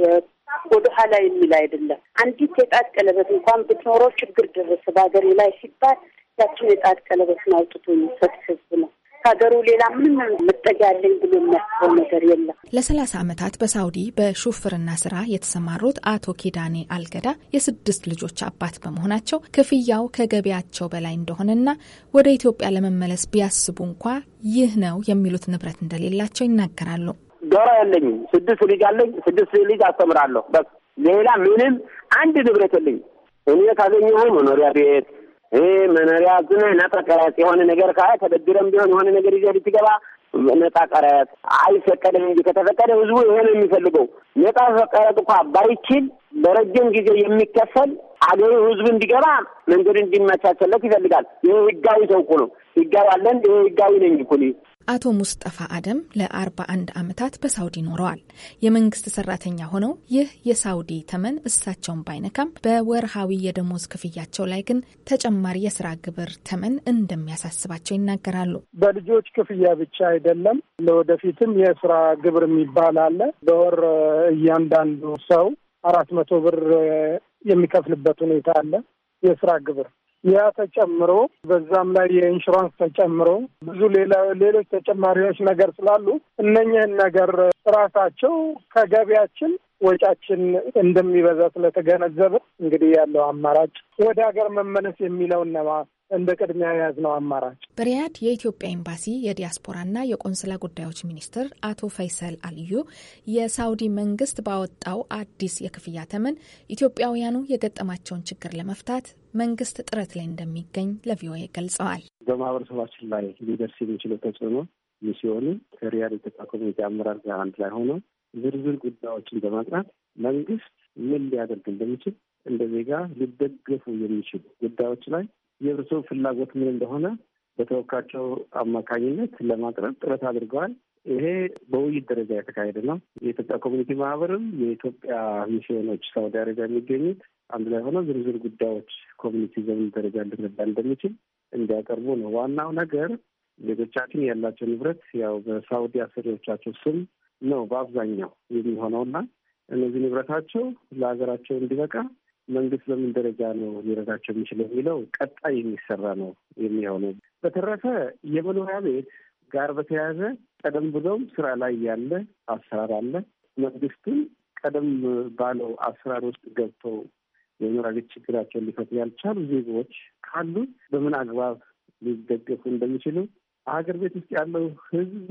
K: ወቅት ኋላ የሚል አይደለም። አንዲት የጣት ቀለበት እንኳን ብትኖረው ችግር ደረሰ በሀገሬ ላይ ሲባል ያችን የጣት ቀለበትን አውጥቶ የሚሰጥ ህዝብ ነው።
B: ከሀገሩ ሌላ ምን ምንም መጠጊያለኝ ብሎ የሚያስበው ነገር የለም። ለሰላሳ ዓመታት በሳውዲ በሹፍርና ስራ የተሰማሩት አቶ ኪዳኔ አልገዳ የስድስት ልጆች አባት በመሆናቸው ክፍያው ከገቢያቸው በላይ እንደሆነና ወደ ኢትዮጵያ ለመመለስ ቢያስቡ እንኳ ይህ ነው የሚሉት ንብረት እንደሌላቸው ይናገራሉ።
M: ዶሮ የለኝም፣ ስድስት ልጅ አለኝ፣ ስድስት ልጅ አስተምራለሁ። በስ ሌላ ምንም አንድ ንብረት የለኝም። እኔ ካገኘሁ መኖሪያ ቤት ይህ መኖሪያዝን ነጻ ቀረጥ የሆነ ነገር ካለ ተበድረም ቢሆን የሆነ ነገር ይዘህ ልትገባ ነጻ ቀረጥ አይፈቀድም እንጂ ከተፈቀደ ህዝቡ ይሄ የሚፈልገው። ነጻ ቀረጥ እኳ ባይችል በረጅም ጊዜ የሚከፈል አገሩ ህዝብ እንዲገባ መንገድ እንዲመቻቸለት ይፈልጋል። ይህ ህጋዊ ተውቁ ነው። ህጋዊ አለን። ይህ ህጋዊ ነኝ እኮ
B: አቶ ሙስጠፋ አደም ለ41 ዓመታት በሳውዲ ኖረዋል። የመንግስት ሰራተኛ ሆነው ይህ የሳውዲ ተመን እሳቸውን ባይነካም በወርሃዊ የደሞዝ ክፍያቸው ላይ ግን ተጨማሪ የስራ ግብር ተመን እንደሚያሳስባቸው ይናገራሉ።
N: በልጆች ክፍያ ብቻ አይደለም፣ ለወደፊትም የስራ ግብር የሚባል አለ። በወር እያንዳንዱ ሰው አራት መቶ ብር የሚከፍልበት ሁኔታ አለ። የስራ ግብር ያ ተጨምሮ በዛም ላይ የኢንሹራንስ ተጨምሮ ብዙ ሌሎች ተጨማሪዎች ነገር ስላሉ እነኝህን ነገር ራሳቸው ከገቢያችን ወጫችን እንደሚበዛ ስለተገነዘበ እንግዲህ ያለው አማራጭ ወደ ሀገር መመለስ የሚለውን ነው እንደ ቅድሚያ የያዝነው አማራጭ።
B: በሪያድ የኢትዮጵያ ኤምባሲ የዲያስፖራና የቆንስላ ጉዳዮች ሚኒስትር አቶ ፈይሰል አልዩ የሳውዲ መንግስት ባወጣው አዲስ የክፍያ ተመን ኢትዮጵያውያኑ የገጠማቸውን ችግር ለመፍታት መንግስት ጥረት ላይ እንደሚገኝ ለቪኦኤ ገልጸዋል።
N: በማህበረሰባችን ላይ ሊደርስ የሚችለው ተጽዕኖ ሲሆኑ ከሪያድ የኢትዮጵያ ኮሚኒቲ አመራር ጋር አንድ ላይ ሆነው ዝርዝር ጉዳዮችን በማጥራት መንግስት ምን ሊያደርግ እንደሚችል እንደ ዜጋ ሊደገፉ የሚችሉ ጉዳዮች ላይ የህብረተሰቡ ፍላጎት ምን እንደሆነ በተወካቸው አማካኝነት ለማቅረብ ጥረት አድርገዋል። ይሄ በውይይት ደረጃ የተካሄደ ነው። የኢትዮጵያ ኮሚኒቲ ማህበርም የኢትዮጵያ ሚስዮኖች ሳውዲ አረቢያ የሚገኙት አንድ ላይ ሆነው ዝርዝር ጉዳዮች ኮሚኒቲ ዘምን ደረጃ ልንረዳ እንደሚችል እንዲያቀርቡ ነው። ዋናው ነገር ዜጎቻችን ያላቸው ንብረት ያው በሳውዲ አሰሪዎቻቸው ስም ነው በአብዛኛው የሚሆነውና እነዚህ ንብረታቸው ለሀገራቸው እንዲበቃ መንግስት በምን ደረጃ ነው ሊረዳቸው የሚችል የሚለው ቀጣይ የሚሰራ ነው የሚሆነው። በተረፈ የመኖሪያ ቤት ጋር በተያያዘ ቀደም ብሎም ስራ ላይ ያለ አሰራር አለ። መንግስትም ቀደም ባለው አሰራር ውስጥ ገብተው የመኖሪያ ቤት ችግራቸውን ሊፈቱ ያልቻሉ ዜጎች ካሉ በምን አግባብ ሊደገፉ እንደሚችሉ ሀገር ቤት ውስጥ ያለው ህዝብ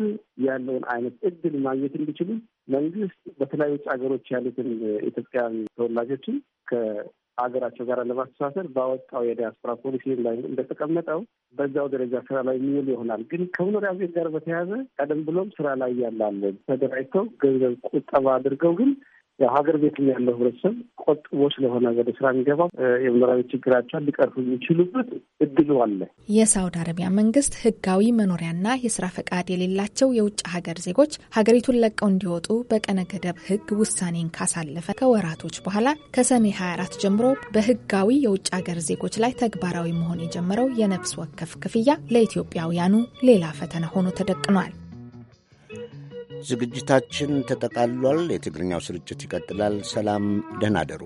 N: ያለውን አይነት እድል ማግኘት እንዲችሉ መንግስት በተለያዩ ውጭ ሀገሮች ያሉትን ኢትዮጵያን ተወላጆችን ከሀገራቸው ጋር ለማስተሳሰር ባወጣው የዲያስፖራ ፖሊሲ ላይ እንደተቀመጠው በዛው ደረጃ ስራ ላይ የሚውል ይሆናል። ግን ከመኖሪያ ቤት ጋር በተያያዘ ቀደም ብሎም ስራ ላይ ያላለን ተደራጅተው ገንዘብ ቁጠባ አድርገው ግን ያው ሀገር ቤት ያለው ህብረተሰብ ቆጥቦ ስለሆነ ወደ ስራ የሚገባ የምኖራዊ ችግራቸውን ሊቀርፉ የሚችሉበት እድሉ አለ።
B: የሳውዲ አረቢያ መንግስት ህጋዊ መኖሪያና የስራ ፈቃድ የሌላቸው የውጭ ሀገር ዜጎች ሀገሪቱን ለቀው እንዲወጡ በቀነ ገደብ ህግ ውሳኔን ካሳለፈ ከወራቶች በኋላ ከሰኔ 24 ጀምሮ በህጋዊ የውጭ ሀገር ዜጎች ላይ ተግባራዊ መሆን የጀመረው የነፍስ ወከፍ ክፍያ ለኢትዮጵያውያኑ ሌላ ፈተና ሆኖ ተደቅኗል።
D: ዝግጅታችን ተጠቃልሏል። የትግርኛው ስርጭት ይቀጥላል። ሰላም፣ ደህና አደሩ።